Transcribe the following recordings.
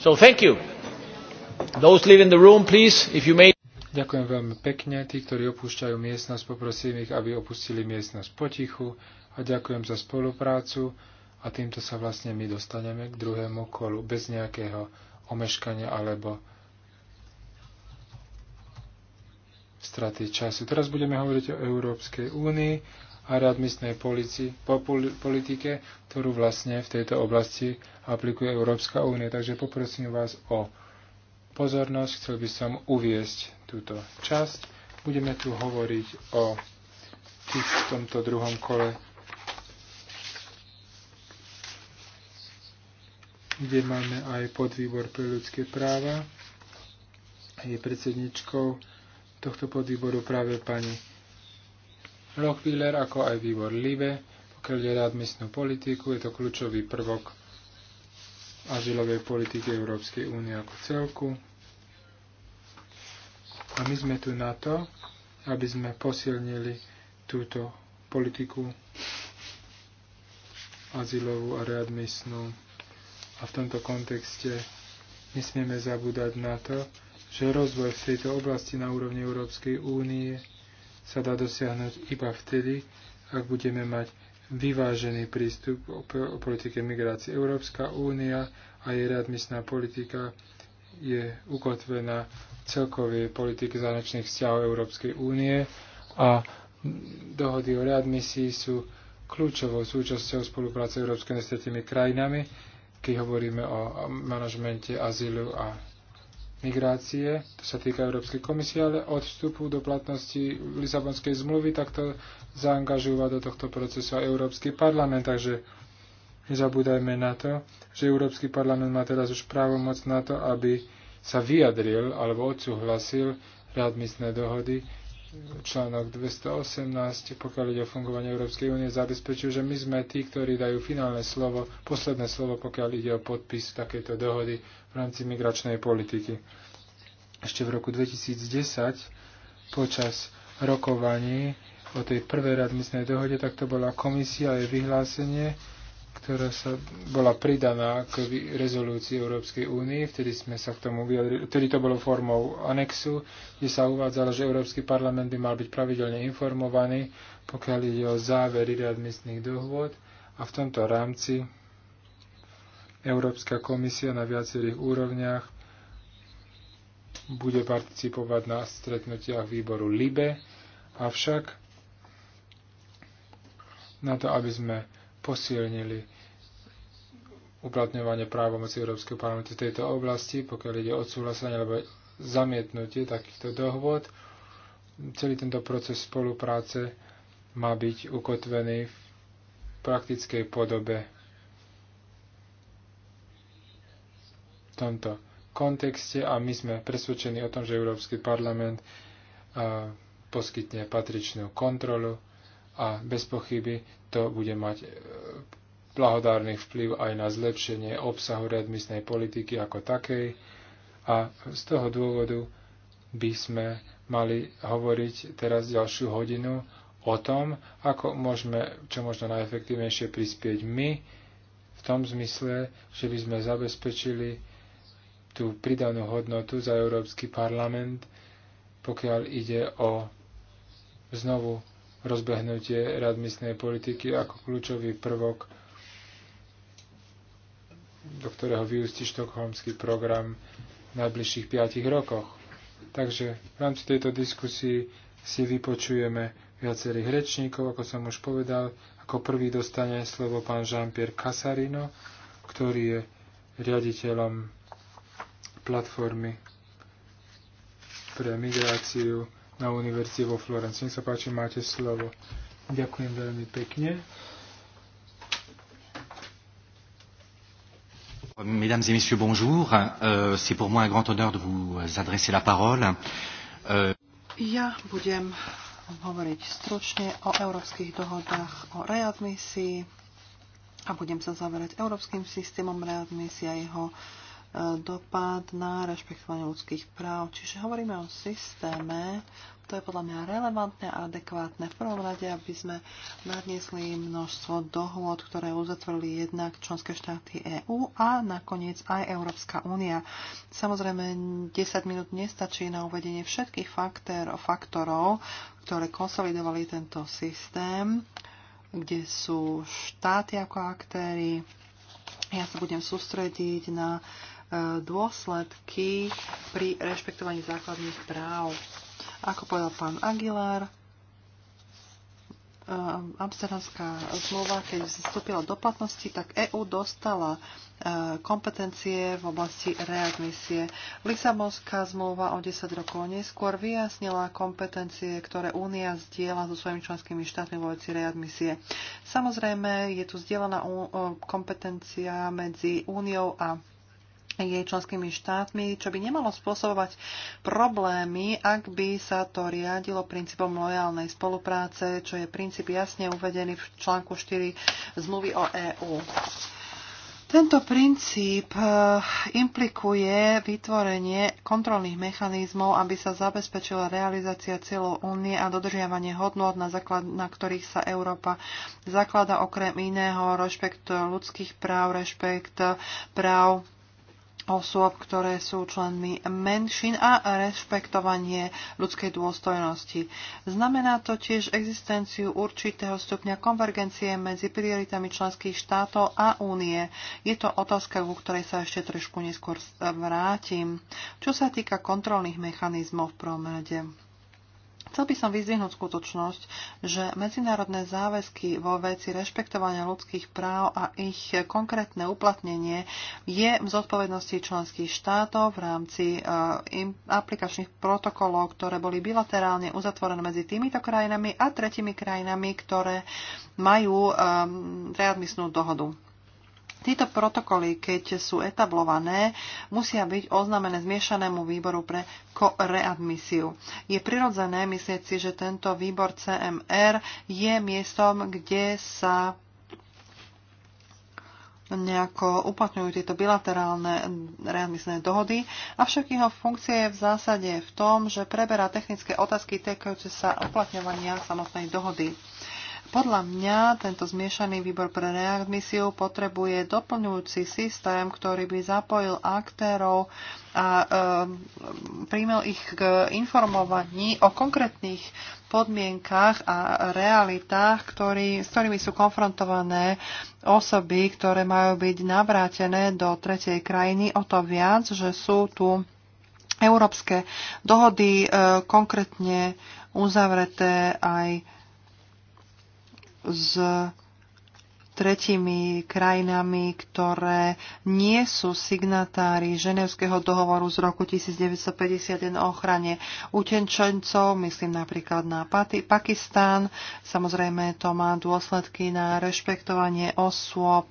So thank you. Those live in the room, please, if you may. Ďakujem veľmi pekne. Tí, ktorí opúšťajú miestnosť, poprosím ich, aby opustili miestnosť potichu a ďakujem za spoluprácu a týmto sa vlastne my dostaneme k druhému kolu bez nejakého omeškania alebo straty času. Teraz budeme hovoriť o Európskej únii a readmisnej politike, ktorú vlastne v tejto oblasti aplikuje Európska únia. Takže poprosím vás o pozornosť. Chcel by som uviesť túto časť. Budeme tu hovoriť o tých v tomto druhom kole, kde máme aj podvýbor pre ľudské práva. Je predsedničkou tohto podvýboru práve pani Rockwiller ako aj výbor LIBE, pokiaľ ide miestnú politiku, je to kľúčový prvok azylovej politiky Európskej únie ako celku. A my sme tu na to, aby sme posilnili túto politiku azylovú a readmisnú. A v tomto kontexte nesmieme zabúdať na to, že rozvoj v tejto oblasti na úrovni Európskej únie sa dá dosiahnuť iba vtedy, ak budeme mať vyvážený prístup o, o politike migrácie. Európska únia a jej readmisná politika je ukotvená v celkovej politike zahraničných vzťahov Európskej únie a dohody o readmisii sú kľúčovou súčasťou spolupráce Európskej s tretimi krajinami, keď hovoríme o manažmente azylu a migrácie, to sa týka Európskej komisie, ale od vstupu do platnosti Lisabonskej zmluvy takto zaangažúva do tohto procesu aj Európsky parlament. Takže nezabúdajme na to, že Európsky parlament má teraz už právomoc na to, aby sa vyjadril alebo odsúhlasil readmisné dohody článok 218, pokiaľ ide o fungovanie Európskej únie, zabezpečil, že my sme tí, ktorí dajú finálne slovo, posledné slovo, pokiaľ ide o podpis takejto dohody v rámci migračnej politiky. Ešte v roku 2010, počas rokovaní o tej prvej radmisnej dohode, tak to bola komisia a jej vyhlásenie, ktorá sa bola pridaná k rezolúcii Európskej únie. Vtedy sme sa k tomu vyjadrili, vtedy to bolo formou anexu, kde sa uvádzalo, že Európsky parlament by mal byť pravidelne informovaný, pokiaľ ide o závery readmisných dohôd. A v tomto rámci Európska komisia na viacerých úrovniach bude participovať na stretnutiach výboru LIBE, avšak na to, aby sme posilnili uplatňovanie právomoci Európskeho parlamentu v tejto oblasti, pokiaľ ide o odsúhlasenie alebo zamietnutie takýchto dohôd. Celý tento proces spolupráce má byť ukotvený v praktickej podobe. V tomto kontexte a my sme presvedčení o tom, že Európsky parlament poskytne patričnú kontrolu a bez pochyby to bude mať e, blahodárny vplyv aj na zlepšenie obsahu readmisnej politiky ako takej a z toho dôvodu by sme mali hovoriť teraz ďalšiu hodinu o tom, ako môžeme čo možno najefektívnejšie prispieť my v tom zmysle, že by sme zabezpečili tú pridanú hodnotu za Európsky parlament, pokiaľ ide o znovu rozbehnutie radmisnej politiky ako kľúčový prvok do ktorého vyústi štokholmský program v najbližších 5 rokoch. Takže v rámci tejto diskusii si vypočujeme viacerých rečníkov, ako som už povedal. Ako prvý dostane slovo pán Jean-Pierre Casarino, ktorý je riaditeľom platformy pre migráciu na univerzite vo Florencii. Nech sa páči, máte slovo. Ďakujem veľmi pekne. Mesdames et messieurs, bonjour. Euh, C'est pour moi un grand honneur de vous adresser la parole. Euh... Ja budem hovoriť stručne o európskych dohodách o readmisii a budem sa zaverať európskym systémom readmisie a jeho dopad na rešpektovanie ľudských práv. Čiže hovoríme o systéme, to je podľa mňa relevantné a adekvátne. V prvom rade, aby sme nadniesli množstvo dohôd, ktoré uzatvorili jednak členské štáty EÚ a nakoniec aj Európska únia. Samozrejme, 10 minút nestačí na uvedenie všetkých faktér, faktorov, ktoré konsolidovali tento systém, kde sú štáty ako aktéry. Ja sa budem sústrediť na uh, dôsledky pri rešpektovaní základných práv. Ako povedal pán Aguilar, eh, Amsterdamská zmluva, keď vstúpila do platnosti, tak EÚ dostala eh, kompetencie v oblasti readmisie. Lisabonská zmluva o 10 rokov neskôr vyjasnila kompetencie, ktoré Únia zdieľa so svojimi členskými štátmi vo veci readmisie. Samozrejme, je tu zdieľaná eh, kompetencia medzi Úniou a jej členskými štátmi, čo by nemalo spôsobovať problémy, ak by sa to riadilo princípom lojálnej spolupráce, čo je princíp jasne uvedený v článku 4 zmluvy o EÚ. Tento princíp eh, implikuje vytvorenie kontrolných mechanizmov, aby sa zabezpečila realizácia cieľov únie a dodržiavanie hodnot na, základ, na ktorých sa Európa zaklada okrem iného rešpekt ľudských práv, rešpekt práv osôb, ktoré sú členmi menšín a rešpektovanie ľudskej dôstojnosti. Znamená to tiež existenciu určitého stupňa konvergencie medzi prioritami členských štátov a únie. Je to otázka, ku ktorej sa ešte trošku neskôr vrátim. Čo sa týka kontrolných mechanizmov v prvom Chcel by som vyzvihnúť skutočnosť, že medzinárodné záväzky vo veci rešpektovania ľudských práv a ich konkrétne uplatnenie je v zodpovednosti členských štátov v rámci eh, aplikačných protokolov, ktoré boli bilaterálne uzatvorené medzi týmito krajinami a tretimi krajinami, ktoré majú eh, readmisnú dohodu. Tieto protokoly, keď sú etablované, musia byť oznámené zmiešanému výboru pre readmisiu. Je prirodzené myslieť si, že tento výbor CMR je miestom, kde sa nejako uplatňujú tieto bilaterálne readmisné dohody, avšak jeho funkcia je v zásade v tom, že preberá technické otázky týkajúce sa uplatňovania samotnej dohody. Podľa mňa tento zmiešaný výbor pre readmisiu potrebuje doplňujúci systém, ktorý by zapojil aktérov a e, príjmel ich k informovaní o konkrétnych podmienkach a realitách, ktorý, s ktorými sú konfrontované osoby, ktoré majú byť navrátené do tretej krajiny. O to viac, že sú tu európske dohody e, konkrétne uzavreté aj s tretími krajinami, ktoré nie sú signatári Ženevského dohovoru z roku 1951 o ochrane utenčencov, myslím napríklad na Pakistán. Samozrejme, to má dôsledky na rešpektovanie osôb,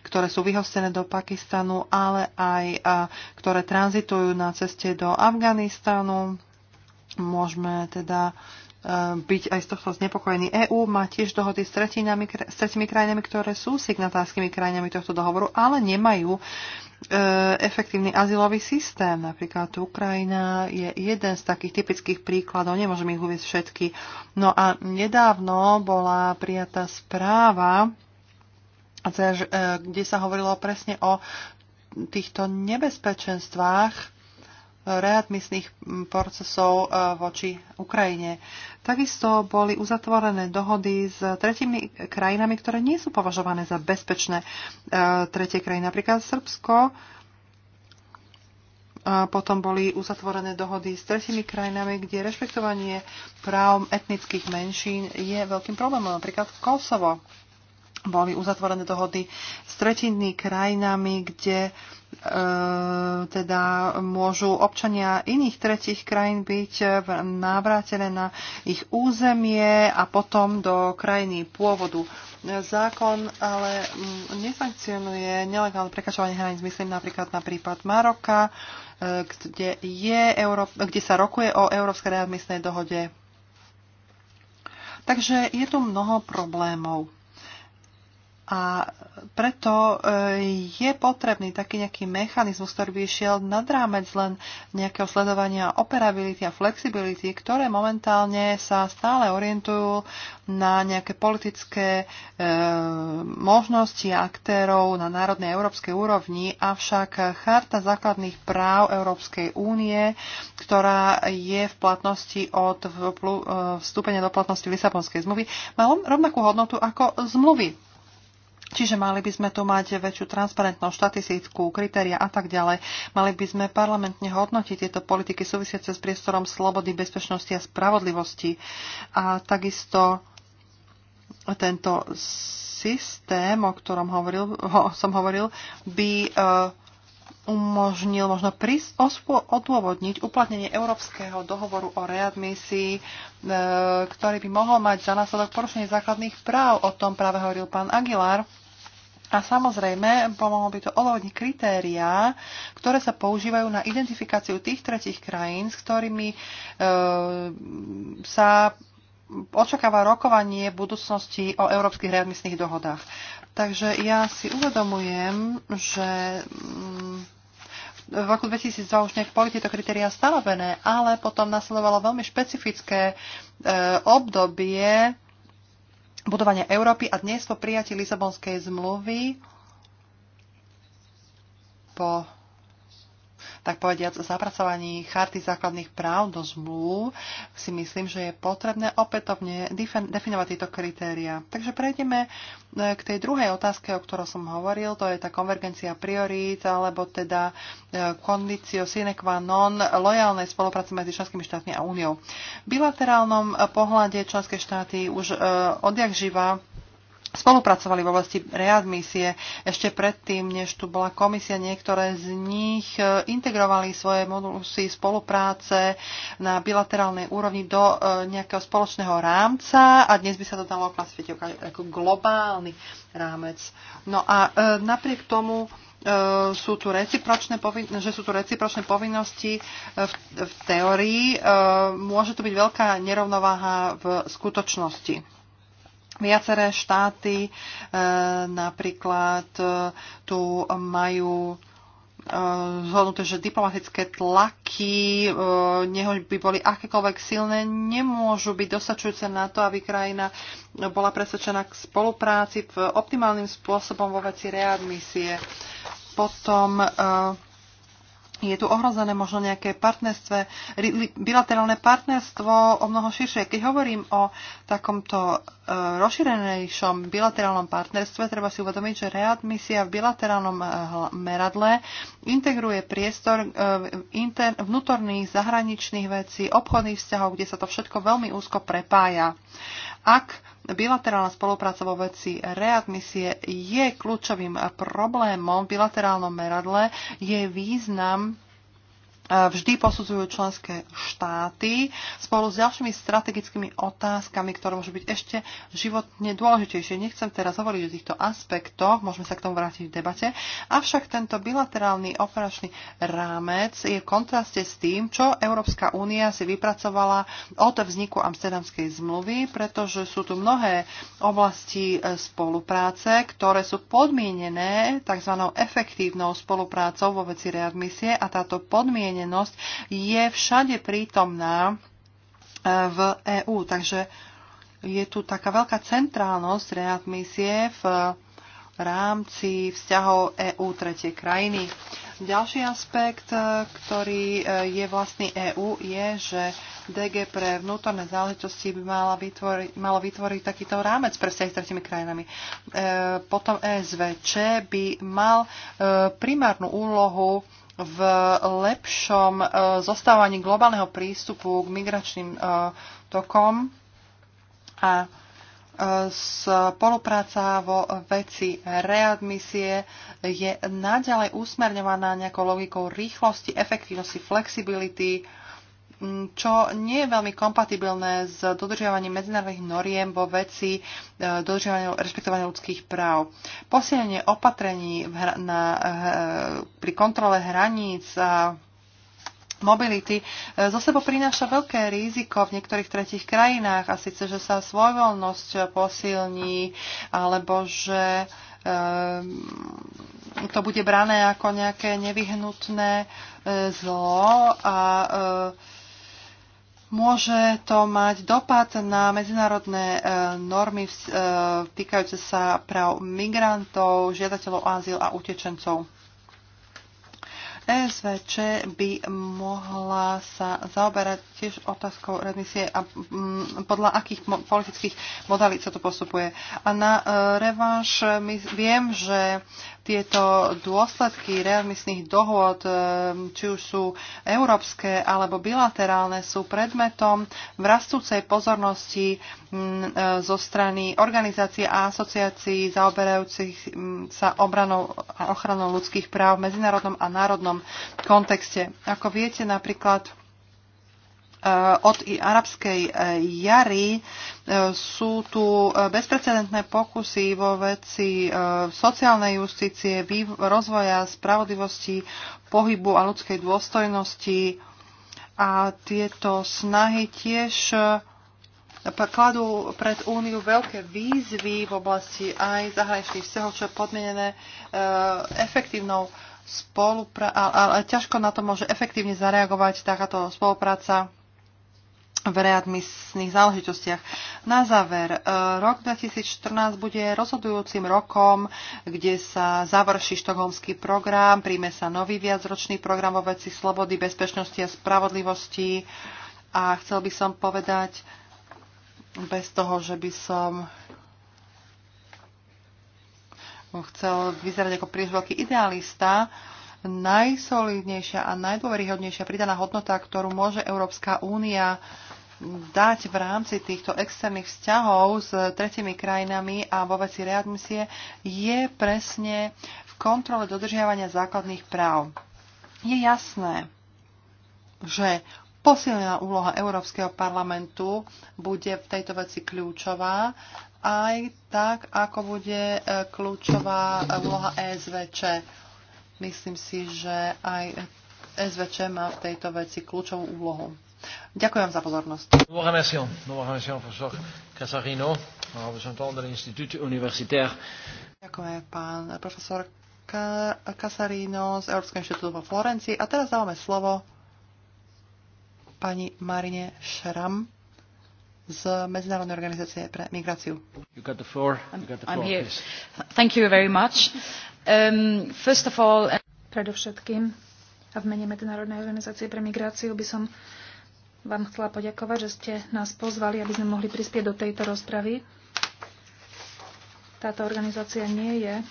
ktoré sú vyhostené do Pakistanu, ale aj ktoré tranzitujú na ceste do Afganistanu. Môžeme teda byť aj z tohto znepokojený. EÚ má tiež dohody s, tretinami, s tretimi krajinami, ktoré sú signatárskymi krajinami tohto dohovoru, ale nemajú e, efektívny azylový systém. Napríklad Ukrajina je jeden z takých typických príkladov, nemôžem ich uvieť všetky. No a nedávno bola prijatá správa, e, kde sa hovorilo presne o týchto nebezpečenstvách e, readmisných procesov voči Ukrajine. Takisto boli uzatvorené dohody s tretimi krajinami, ktoré nie sú považované za bezpečné e, tretie krajiny. Napríklad Srbsko, e, potom boli uzatvorené dohody s tretimi krajinami, kde rešpektovanie práv etnických menšín je veľkým problémom, napríklad Kosovo boli uzatvorené dohody s tretinnými krajinami, kde e, teda môžu občania iných tretich krajín byť e, návratené na ich územie a potom do krajiny pôvodu. Zákon ale mm, nesankcionuje nelegálne prekračovanie hraníc, myslím napríklad na prípad Maroka, e, kde, je Euró- kde sa rokuje o Európskej readmisnej dohode. Takže je tu mnoho problémov. A preto e, je potrebný taký nejaký mechanizmus, ktorý by išiel nad rámec len nejakého sledovania operability a flexibility, ktoré momentálne sa stále orientujú na nejaké politické e, možnosti aktérov na národnej európskej úrovni, avšak Charta základných práv Európskej únie, ktorá je v platnosti od e, vstúpenia do platnosti Lisabonskej zmluvy, má rovnakú hodnotu ako zmluvy Čiže mali by sme tu mať väčšiu transparentnosť, štatistickú, kritéria a tak ďalej. Mali by sme parlamentne hodnotiť tieto politiky súvisiace s priestorom slobody, bezpečnosti a spravodlivosti. A takisto tento systém, o ktorom hovoril, ho, som hovoril, by uh, umožnil možno pris, odôvodniť uplatnenie Európskeho dohovoru o readmisii, e, ktorý by mohol mať za následok porušenie základných práv. O tom práve hovoril pán Aguilar. A samozrejme, pomohlo by to odôvodniť kritériá, ktoré sa používajú na identifikáciu tých tretich krajín, s ktorými e, sa očakáva rokovanie v budúcnosti o európskych readmisných dohodách. Takže ja si uvedomujem, že... Mm, v roku 2002 už nejak boli tieto kritéria stanovené, ale potom nasledovalo veľmi špecifické e, obdobie budovania Európy a dnes po prijatí Lisabonskej zmluvy po tak povediac, zapracovaní charty základných práv do zmluv, si myslím, že je potrebné opätovne definovať tieto kritéria. Takže prejdeme e, k tej druhej otázke, o ktorej som hovoril, to je tá konvergencia priorít, alebo teda kondicio e, sine qua non lojálnej spolupráce medzi členskými štátmi a úniou. V bilaterálnom e, pohľade členské štáty už odjak živa spolupracovali v oblasti readmisie. Ešte predtým, než tu bola komisia, niektoré z nich e, integrovali svoje modulusy spolupráce na bilaterálnej úrovni do e, nejakého spoločného rámca a dnes by sa to dalo klasifikovať ako globálny rámec. No a e, napriek tomu sú tu recipročné že sú tu recipročné povinnosti v, v teórii, môže tu byť veľká nerovnováha v skutočnosti. Viaceré štáty e, napríklad e, tu majú e, zhodnuté, že diplomatické tlaky, neho by boli akékoľvek silné, nemôžu byť dostačujúce na to, aby krajina bola presvedčená k spolupráci v optimálnym spôsobom vo veci readmisie. Potom je tu ohrozené možno nejaké partnerstve, bilaterálne partnerstvo o mnoho širšie. Keď hovorím o takomto e, rozšírenejšom bilaterálnom partnerstve, treba si uvedomiť, že readmisia v bilaterálnom e, meradle integruje priestor e, vnútorných, zahraničných vecí, obchodných vzťahov, kde sa to všetko veľmi úzko prepája. Ak Bilaterálna spolupráca vo veci readmisie je kľúčovým problémom v bilaterálnom meradle. Je význam vždy posudzujú členské štáty spolu s ďalšími strategickými otázkami, ktoré môžu byť ešte životne dôležitejšie. Nechcem teraz hovoriť o týchto aspektoch, môžeme sa k tomu vrátiť v debate, avšak tento bilaterálny operačný rámec je v kontraste s tým, čo Európska únia si vypracovala od vzniku Amsterdamskej zmluvy, pretože sú tu mnohé oblasti e, spolupráce, ktoré sú podmienené tzv. efektívnou spoluprácou vo veci readmisie a táto podmienená podmienenosť je všade prítomná e, v EÚ. Takže je tu taká veľká centrálnosť readmisie v rámci vzťahov EÚ tretej krajiny. Ďalší aspekt, e, ktorý e, je vlastný EÚ, je, že DG pre vnútorné záležitosti by mala vytvoriť, malo vytvoriť takýto rámec pre vzťahy s tretimi krajinami. E, potom ESVČ by mal e, primárnu úlohu v lepšom e, zostávaní globálneho prístupu k migračným e, tokom a e, spolupráca vo veci readmisie je naďalej usmerňovaná nejakou logikou rýchlosti, efektívnosti, flexibility, čo nie je veľmi kompatibilné s dodržiavaním medzinárodných noriem vo veci e, dodržiavania rešpektovania ľudských práv. Posilnenie opatrení na, pri kontrole hraníc a mobility e, zo sebou prináša veľké riziko v niektorých tretich krajinách a síce, že sa svojvoľnosť posilní alebo že e, to bude brané ako nejaké nevyhnutné zlo a e, Môže to mať dopad na medzinárodné e, normy e, týkajúce sa práv migrantov, žiadateľov o azyl a utečencov. ESVČ by mohla sa zaoberať tiež otázkou remisie a mm, podľa akých politických modalít sa to postupuje. A na e, revanš my viem, že tieto dôsledky readmisných dohôd, e, či už sú európske alebo bilaterálne, sú predmetom v rastúcej pozornosti e, zo strany organizácií a asociácií zaoberajúcich sa obranou a ochranou ľudských práv v medzinárodnom a národnom kontexte. Ako viete, napríklad E, od arabskej e, jary e, sú tu bezprecedentné pokusy vo veci sociálnej justície, rozvoja spravodlivosti, pohybu a ľudskej dôstojnosti. A tieto snahy tiež kladú pred Úniu veľké výzvy v oblasti aj zahraničných vzťahov, čo je podmienené efektívnou spoluprácou, ale ťažko na to môže efektívne zareagovať takáto spolupráca v readmisných záležitostiach. Na záver, e, rok 2014 bude rozhodujúcim rokom, kde sa završí štokholmský program, príjme sa nový viacročný program vo veci slobody, bezpečnosti a spravodlivosti. A chcel by som povedať, bez toho, že by som chcel vyzerať ako príliš veľký idealista, najsolidnejšia a najdôveryhodnejšia pridaná hodnota, ktorú môže Európska únia dať v rámci týchto externých vzťahov s tretimi krajinami a vo veci readmisie je presne v kontrole dodržiavania základných práv. Je jasné, že posilnená úloha Európskeho parlamentu bude v tejto veci kľúčová, aj tak, ako bude e, kľúčová úloha ESVČ. Myslím si, že aj e SVČ má v tejto veci kľúčovú úlohu. Ďakujem za pozornosť. Ďakujem, pán profesor Casarino z Európskeho inštitútu vo Florencii. A teraz dávame slovo pani Marine Šram z Medzinárodnej organizácie pre migráciu. You got the floor. You got the floor, I'm here. Thank you very much. Um, first of all... Predovšetkým a v mene Medzinárodnej organizácie pre migráciu by som vám chcela poďakovať, že ste nás pozvali, aby sme mohli prispieť do tejto rozpravy. Táto organizácia nie je e,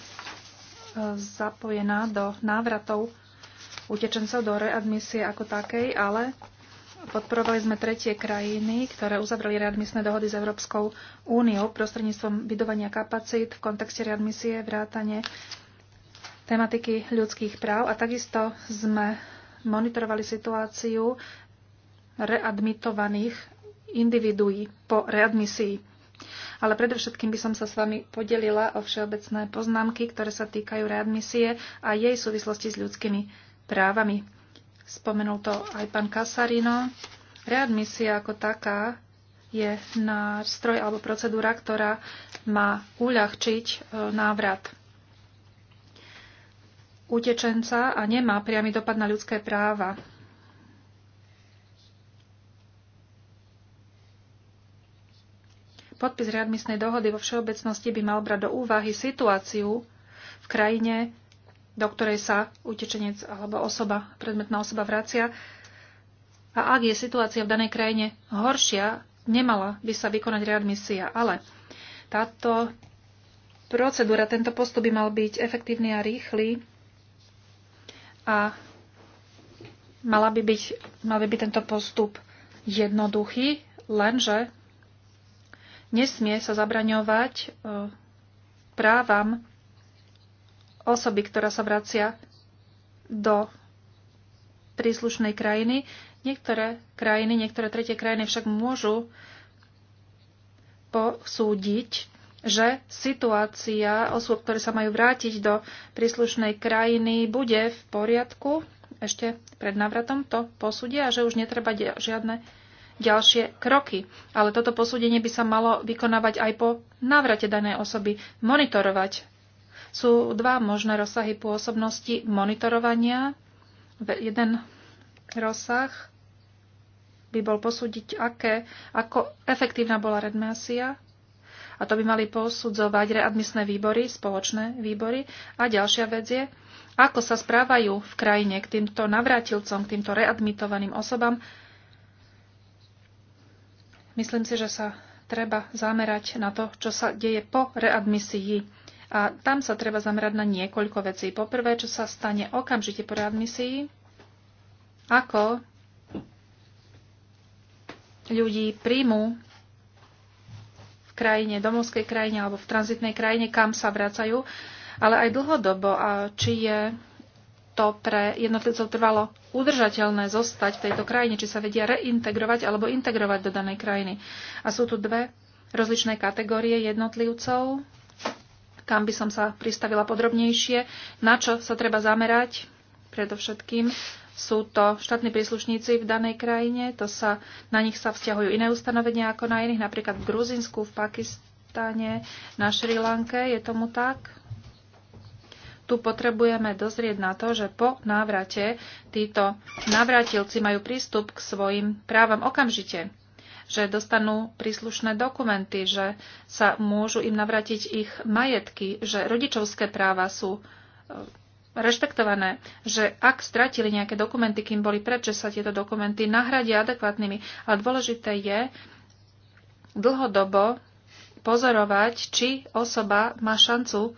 zapojená do návratov utečencov do readmisie ako takej, ale podporovali sme tretie krajiny, ktoré uzavreli readmisné dohody s Európskou úniou prostredníctvom budovania kapacít v kontexte readmisie, vrátane tematiky ľudských práv a takisto sme monitorovali situáciu readmitovaných individuí po readmisii. Ale predovšetkým by som sa s vami podelila o všeobecné poznámky, ktoré sa týkajú readmisie a jej súvislosti s ľudskými právami. Spomenul to aj pán Kasarino. Readmisia ako taká je nástroj alebo procedúra, ktorá má uľahčiť e, návrat utečenca a nemá priamy dopad na ľudské práva. Podpis readmisnej dohody vo všeobecnosti by mal brať do úvahy situáciu v krajine, do ktorej sa utečenec alebo osoba, predmetná osoba vracia. A ak je situácia v danej krajine horšia, nemala by sa vykonať readmisia. Ale táto procedúra, tento postup by mal byť efektívny a rýchly a mala by byť, mal by byť tento postup jednoduchý, lenže Nesmie sa zabraňovať e, právam osoby, ktorá sa vracia do príslušnej krajiny. Niektoré krajiny, niektoré tretie krajiny však môžu posúdiť, že situácia osôb, ktoré sa majú vrátiť do príslušnej krajiny, bude v poriadku ešte pred návratom, to posúdia a že už netreba žiadne ďalšie kroky. Ale toto posúdenie by sa malo vykonávať aj po návrate danej osoby, monitorovať. Sú dva možné rozsahy pôsobnosti monitorovania. Jeden rozsah by bol posúdiť, aké, ako efektívna bola redmesia a to by mali posudzovať readmisné výbory, spoločné výbory. A ďalšia vec je, ako sa správajú v krajine k týmto navrátilcom, k týmto readmitovaným osobám, Myslím si, že sa treba zamerať na to, čo sa deje po readmisii. A tam sa treba zamerať na niekoľko vecí. Poprvé, čo sa stane okamžite po readmisii, ako ľudí príjmu v krajine, domovskej krajine alebo v tranzitnej krajine, kam sa vracajú, ale aj dlhodobo a či je to pre jednotlivcov trvalo udržateľné zostať v tejto krajine, či sa vedia reintegrovať alebo integrovať do danej krajiny. A sú tu dve rozličné kategórie jednotlivcov, kam by som sa pristavila podrobnejšie, na čo sa treba zamerať predovšetkým. Sú to štátni príslušníci v danej krajine, to sa, na nich sa vzťahujú iné ustanovenia ako na iných, napríklad v Gruzinsku, v Pakistane, na Šri Lanke, je tomu tak? tu potrebujeme dozrieť na to, že po návrate títo návratilci majú prístup k svojim právam okamžite, že dostanú príslušné dokumenty, že sa môžu im navratiť ich majetky, že rodičovské práva sú e, rešpektované, že ak stratili nejaké dokumenty, kým boli preč, že sa tieto dokumenty nahradia adekvátnymi. Ale dôležité je dlhodobo pozorovať, či osoba má šancu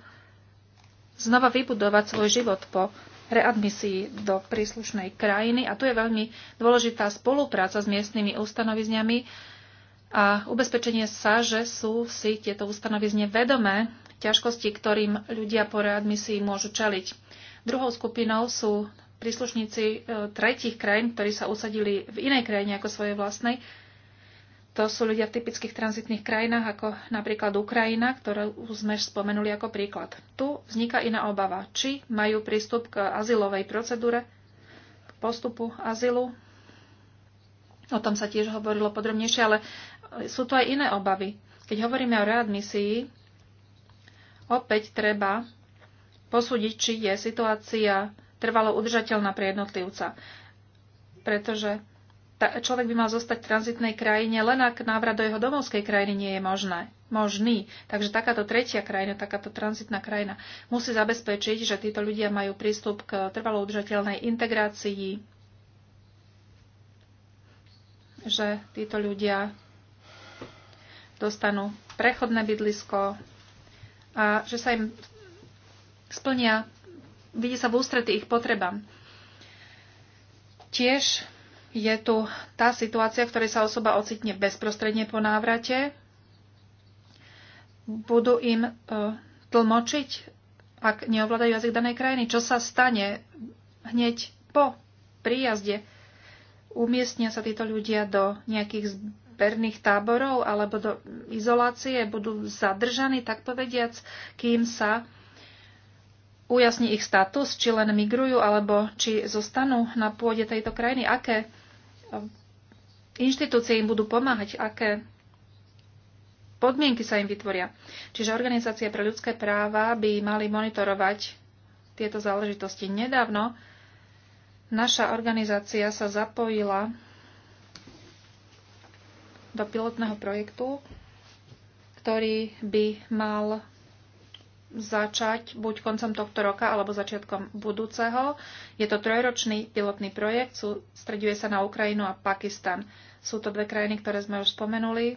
znova vybudovať svoj život po readmisii do príslušnej krajiny. A tu je veľmi dôležitá spolupráca s miestnymi ustanovizňami a ubezpečenie sa, že sú si tieto ustanovizne vedomé ťažkosti, ktorým ľudia po readmisii môžu čeliť. Druhou skupinou sú príslušníci e, tretich krajín, ktorí sa usadili v inej krajine ako svojej vlastnej to sú ľudia v typických tranzitných krajinách, ako napríklad Ukrajina, ktorú sme spomenuli ako príklad. Tu vzniká iná obava, či majú prístup k azylovej procedúre, k postupu azylu. O tom sa tiež hovorilo podrobnejšie, ale sú tu aj iné obavy. Keď hovoríme o readmisii, opäť treba posúdiť, či je situácia trvalo udržateľná pre jednotlivca. Pretože človek by mal zostať v tranzitnej krajine, len ak návrat do jeho domovskej krajiny nie je možné, možný. Takže takáto tretia krajina, takáto tranzitná krajina musí zabezpečiť, že títo ľudia majú prístup k trvalo udržateľnej integrácii, že títo ľudia dostanú prechodné bydlisko a že sa im splnia, vidí sa v ústrety ich potrebám. Tiež je tu tá situácia, v ktorej sa osoba ocitne bezprostredne po návrate. Budú im e, tlmočiť, ak neovládajú jazyk danej krajiny, čo sa stane hneď po príjazde. Umiestnia sa títo ľudia do nejakých zberných táborov alebo do izolácie, budú zadržaní, tak povediac, kým sa ujasní ich status, či len migrujú alebo či zostanú na pôde tejto krajiny, aké inštitúcie im budú pomáhať, aké podmienky sa im vytvoria. Čiže organizácie pre ľudské práva by mali monitorovať tieto záležitosti. Nedávno naša organizácia sa zapojila do pilotného projektu, ktorý by mal začať buď koncom tohto roka alebo začiatkom budúceho. Je to trojročný pilotný projekt, sústreďuje sa na Ukrajinu a Pakistan. Sú to dve krajiny, ktoré sme už spomenuli,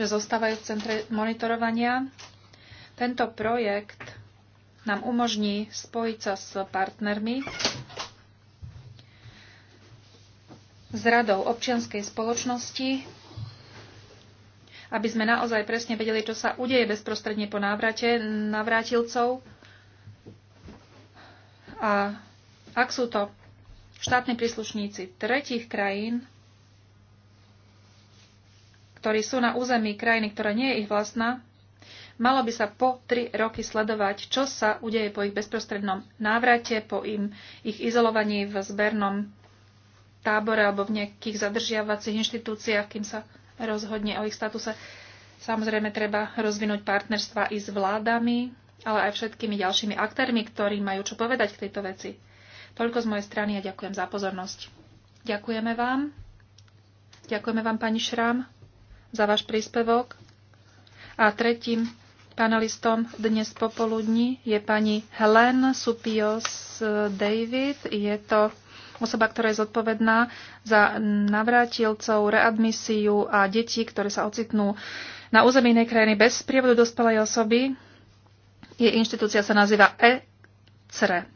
že zostávajú v centre monitorovania. Tento projekt nám umožní spojiť sa s partnermi, s radou občianskej spoločnosti, aby sme naozaj presne vedeli, čo sa udeje bezprostredne po návrate navrátilcov. A ak sú to štátni príslušníci tretich krajín, ktorí sú na území krajiny, ktorá nie je ich vlastná, malo by sa po tri roky sledovať, čo sa udeje po ich bezprostrednom návrate, po im, ich izolovaní v zbernom tábore alebo v nejakých zadržiavacích inštitúciách, kým sa rozhodne o ich statuse. Samozrejme, treba rozvinúť partnerstva i s vládami, ale aj všetkými ďalšími aktérmi, ktorí majú čo povedať k tejto veci. Toľko z mojej strany a ďakujem za pozornosť. Ďakujeme vám. Ďakujeme vám, pani Šram, za váš príspevok. A tretím Panelistom dnes popoludní je pani Helen Supios David. Je to osoba, ktorá je zodpovedná za navrátilcov, readmisiu a deti, ktoré sa ocitnú na území inej krajiny bez prievodu dospelej osoby. Jej inštitúcia sa nazýva ECRE. E.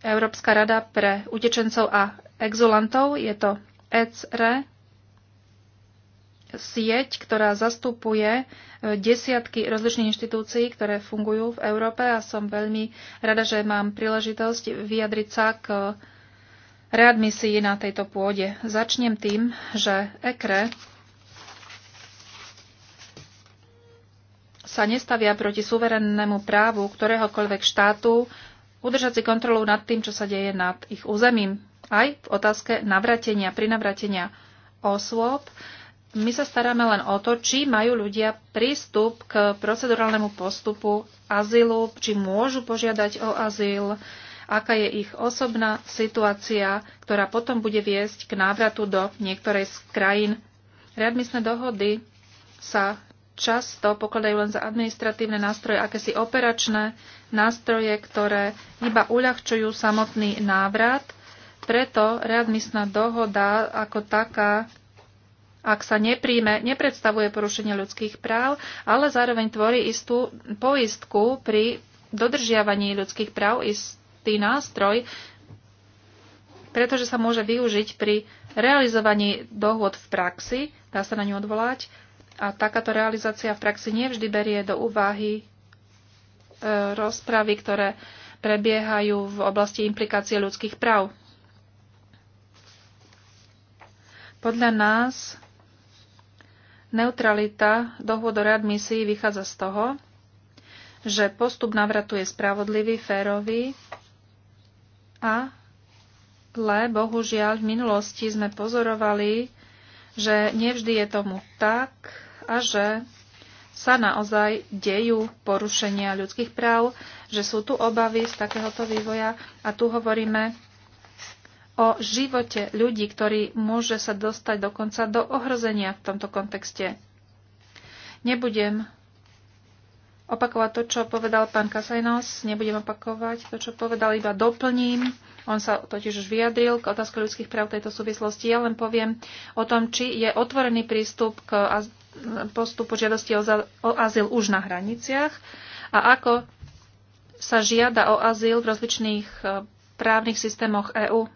Európska rada pre utečencov a exulantov. Je to ECRE, e, sieť, ktorá zastupuje e, desiatky rozličných inštitúcií, ktoré fungujú v Európe a som veľmi rada, že mám príležitosť vyjadriť sa k readmisii na tejto pôde. Začnem tým, že EKRE sa nestavia proti suverennému právu ktoréhokoľvek štátu udržať si kontrolu nad tým, čo sa deje nad ich územím. Aj v otázke navratenia, prinavratenia osôb, my sa staráme len o to, či majú ľudia prístup k procedurálnemu postupu azylu, či môžu požiadať o azyl, aká je ich osobná situácia, ktorá potom bude viesť k návratu do niektorej z krajín. Readmisné dohody sa často pokladajú len za administratívne nástroje, akési operačné nástroje, ktoré iba uľahčujú samotný návrat. Preto readmisná dohoda ako taká, ak sa nepríjme, nepredstavuje porušenie ľudských práv, ale zároveň tvorí istú poistku pri dodržiavaní ľudských práv, ist dôležitý nástroj, pretože sa môže využiť pri realizovaní dohôd v praxi, dá sa na ňu odvolať, a takáto realizácia v praxi nevždy berie do úvahy e, rozpravy, ktoré prebiehajú v oblasti implikácie ľudských práv. Podľa nás neutralita dohôd o readmisii vychádza z toho, že postup návratu je spravodlivý, férový a le, bohužiaľ v minulosti sme pozorovali, že nevždy je tomu tak a že sa naozaj dejú porušenia ľudských práv, že sú tu obavy z takéhoto vývoja a tu hovoríme o živote ľudí, ktorý môže sa dostať dokonca do ohrozenia v tomto kontexte. Nebudem opakovať to, čo povedal pán Kasajnos. Nebudem opakovať to, čo povedal, iba doplním. On sa totiž už vyjadril k otázke ľudských práv tejto súvislosti. Ja len poviem o tom, či je otvorený prístup k postupu žiadosti o azyl už na hraniciach a ako sa žiada o azyl v rozličných e, právnych systémoch EÚ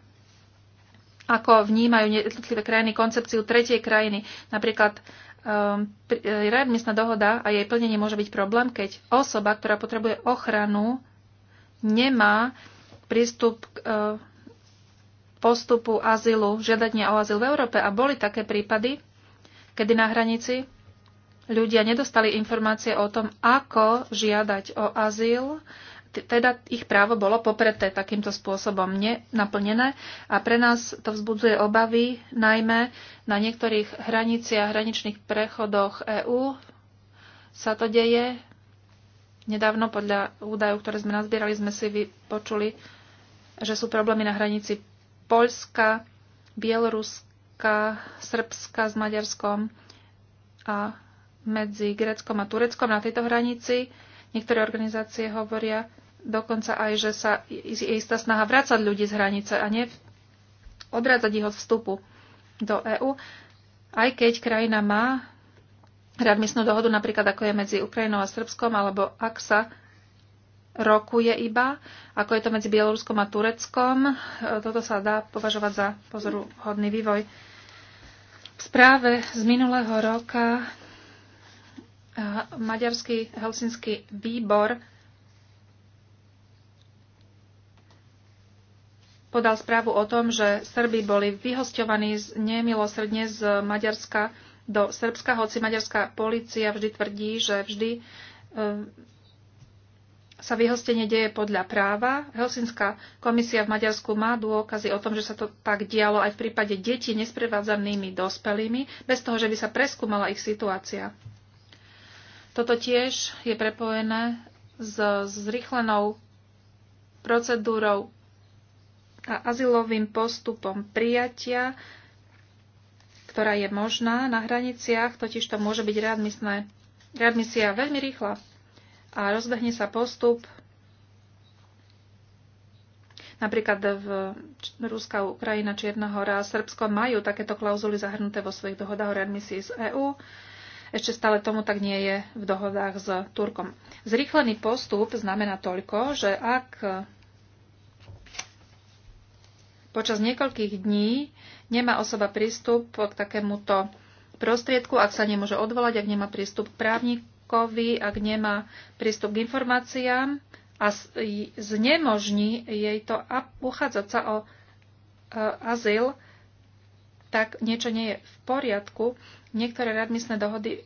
ako vnímajú jednotlivé krajiny koncepciu tretej krajiny. Napríklad Ehm, e, readmisná dohoda a jej plnenie môže byť problém, keď osoba, ktorá potrebuje ochranu, nemá prístup k e, postupu azylu, žiadania o azyl v Európe. A boli také prípady, kedy na hranici ľudia nedostali informácie o tom, ako žiadať o azyl teda ich právo bolo popreté takýmto spôsobom nenaplnené a pre nás to vzbudzuje obavy najmä na niektorých hraniciach, hraničných prechodoch EÚ sa to deje. Nedávno podľa údajov, ktoré sme nazbierali, sme si vypočuli, že sú problémy na hranici Polska, Bieloruska, Srbska s Maďarskom a medzi Gréckom a Tureckom na tejto hranici. Niektoré organizácie hovoria, dokonca aj, že sa je istá snaha vrácať ľudí z hranice a ne odrádzať ich od vstupu do EÚ, aj keď krajina má readmisnú dohodu, napríklad ako je medzi Ukrajinou a Srbskom, alebo ak sa rokuje iba, ako je to medzi Bieloruskom a Tureckom. E, toto sa dá považovať za pozoruhodný vývoj. V správe z minulého roka e, Maďarský helsinský výbor podal správu o tom, že Srbi boli vyhosťovaní nemilosrdne z Maďarska do Srbska, hoci maďarská policia vždy tvrdí, že vždy e, sa vyhostenie deje podľa práva. Helsinská komisia v Maďarsku má dôkazy o tom, že sa to tak dialo aj v prípade detí nesprevádzanými dospelými, bez toho, že by sa preskúmala ich situácia. Toto tiež je prepojené s zrychlenou procedúrou a azylovým postupom prijatia, ktorá je možná na hraniciach, totiž to môže byť readmisné, readmisia veľmi rýchla a rozbehne sa postup Napríklad v Ruska, Ukrajina, Čierna hora a Srbsko majú takéto klauzuly zahrnuté vo svojich dohodách o readmisii z EÚ. Ešte stále tomu tak nie je v dohodách s Turkom. Zrýchlený postup znamená toľko, že ak Počas niekoľkých dní nemá osoba prístup k takémuto prostriedku, ak sa nemôže odvolať, ak nemá prístup k právnikovi, ak nemá prístup k informáciám a znemožní jej to uchádzať sa o e, azyl, tak niečo nie je v poriadku. Niektoré radmisné dohody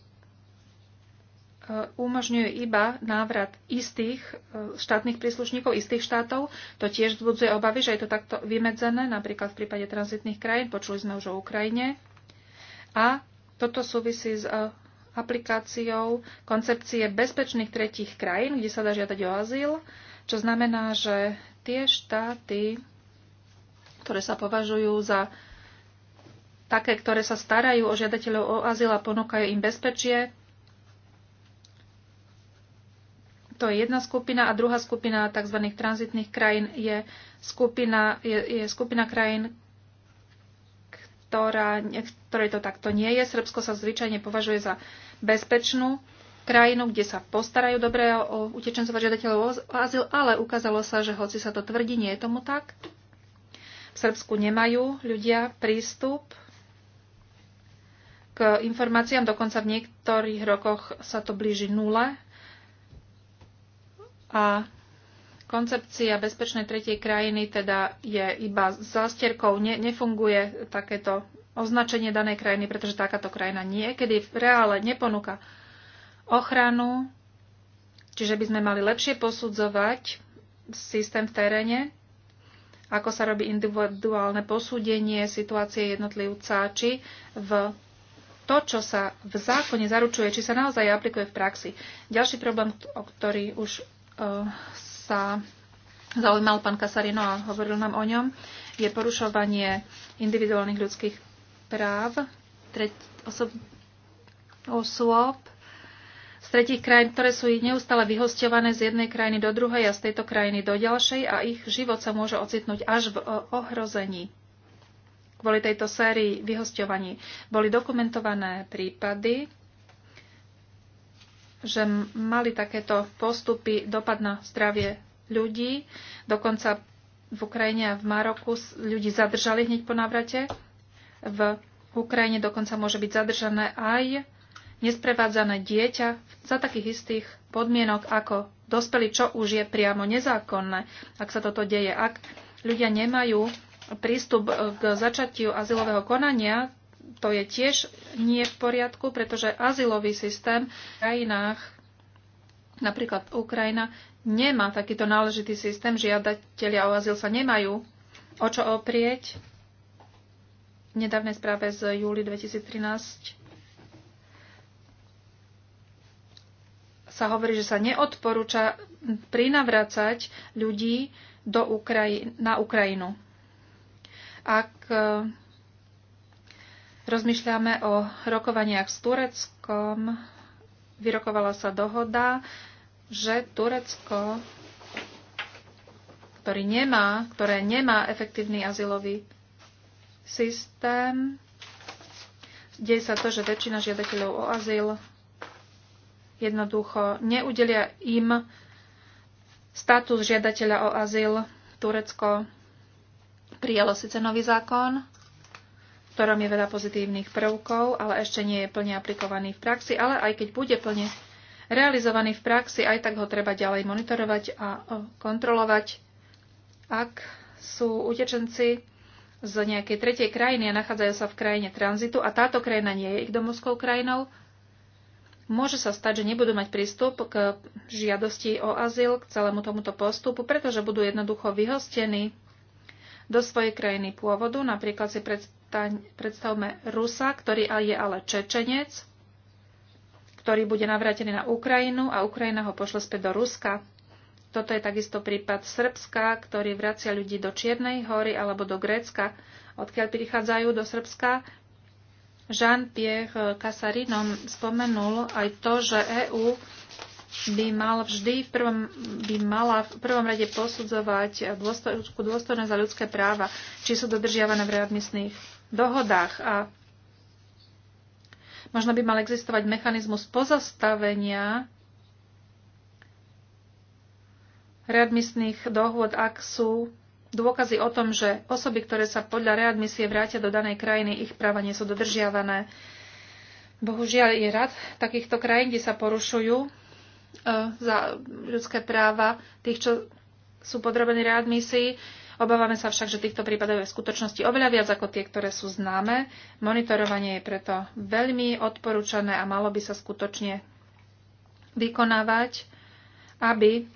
E, umožňuje iba návrat istých e, štátnych príslušníkov, istých štátov. To tiež vzbudzuje obavy, že je to takto vymedzené, napríklad v prípade tranzitných krajín, počuli sme už o Ukrajine. A toto súvisí s e, aplikáciou koncepcie bezpečných tretích krajín, kde sa dá žiadať o azyl, čo znamená, že tie štáty, ktoré sa považujú za také, ktoré sa starajú o žiadateľov o azyl a ponúkajú im bezpečie, To je jedna skupina a druhá skupina tzv. tranzitných krajín je skupina, je, je skupina krajín, ktorá, ktoré to takto nie je. Srbsko sa zvyčajne považuje za bezpečnú krajinu, kde sa postarajú dobre o utečencov a žiadateľov o azyl, ale ukázalo sa, že hoci sa to tvrdí, nie je tomu tak. V Srbsku nemajú ľudia prístup k informáciám, dokonca v niektorých rokoch sa to blíži nule. A koncepcia bezpečnej tretej krajiny teda je iba zástierkou, ne, nefunguje takéto označenie danej krajiny, pretože takáto krajina niekedy v reále neponúka ochranu, čiže by sme mali lepšie posudzovať systém v teréne, ako sa robí individuálne posúdenie situácie jednotlivca, či v to, čo sa v zákone zaručuje, či sa naozaj aplikuje v praxi. Ďalší problém, o ktorý už sa zaujímal pán Kasarino a hovoril nám o ňom, je porušovanie individuálnych ľudských práv osob, osôb z tretich krajín, ktoré sú neustále vyhosťované z jednej krajiny do druhej a z tejto krajiny do ďalšej a ich život sa môže ocitnúť až v ohrození. Kvôli tejto sérii vyhosťovaní boli dokumentované prípady, že mali takéto postupy dopad na zdravie ľudí. Dokonca v Ukrajine a v Maroku ľudí zadržali hneď po návrate. V Ukrajine dokonca môže byť zadržané aj nesprevádzané dieťa za takých istých podmienok ako dospelí, čo už je priamo nezákonné, ak sa toto deje. Ak ľudia nemajú prístup eh, k začatiu azylového konania, to je tiež nie v poriadku, pretože azylový systém v krajinách, napríklad Ukrajina, nemá takýto náležitý systém. Žiadatelia o azyl sa nemajú o čo oprieť. V nedávnej správe z júli 2013 sa hovorí, že sa neodporúča prinavracať ľudí do Ukraji- na Ukrajinu. Ak Rozmýšľame o rokovaniach s Tureckom. Vyrokovala sa dohoda, že Turecko, ktorý nemá, ktoré nemá efektívny azylový systém, deje sa to, že väčšina žiadateľov o azyl jednoducho neudelia im status žiadateľa o azyl. Turecko prijalo síce nový zákon, ktorom je veľa pozitívnych prvkov, ale ešte nie je plne aplikovaný v praxi, ale aj keď bude plne realizovaný v praxi, aj tak ho treba ďalej monitorovať a e, kontrolovať. Ak sú utečenci z nejakej tretej krajiny a nachádzajú sa v krajine tranzitu a táto krajina nie je ich domovskou krajinou, môže sa stať, že nebudú mať prístup k žiadosti o azyl, k celému tomuto postupu, pretože budú jednoducho vyhostení do svojej krajiny pôvodu. Napríklad si pred, predstavme Rusa, ktorý je ale Čečenec, ktorý bude navrátený na Ukrajinu a Ukrajina ho pošle späť do Ruska. Toto je takisto prípad Srbska, ktorý vracia ľudí do Čiernej hory alebo do Grécka, odkiaľ prichádzajú do Srbska. Jean-Pierre Kasarinom spomenul aj to, že EÚ by mal vždy v prvom, by mala v prvom rade posudzovať dôstojnosť za ľudské práva, či sú dodržiavané v readmisných dohodách. A možno by mal existovať mechanizmus pozastavenia readmisných dohôd, ak sú dôkazy o tom, že osoby, ktoré sa podľa readmisie vrátia do danej krajiny, ich práva nie sú dodržiavané. Bohužiaľ je rad takýchto krajín, kde sa porušujú e, za ľudské práva tých, čo sú podrobení readmisii. Obávame sa však, že týchto prípadov je v skutočnosti oveľa viac ako tie, ktoré sú známe. Monitorovanie je preto veľmi odporúčané a malo by sa skutočne vykonávať, aby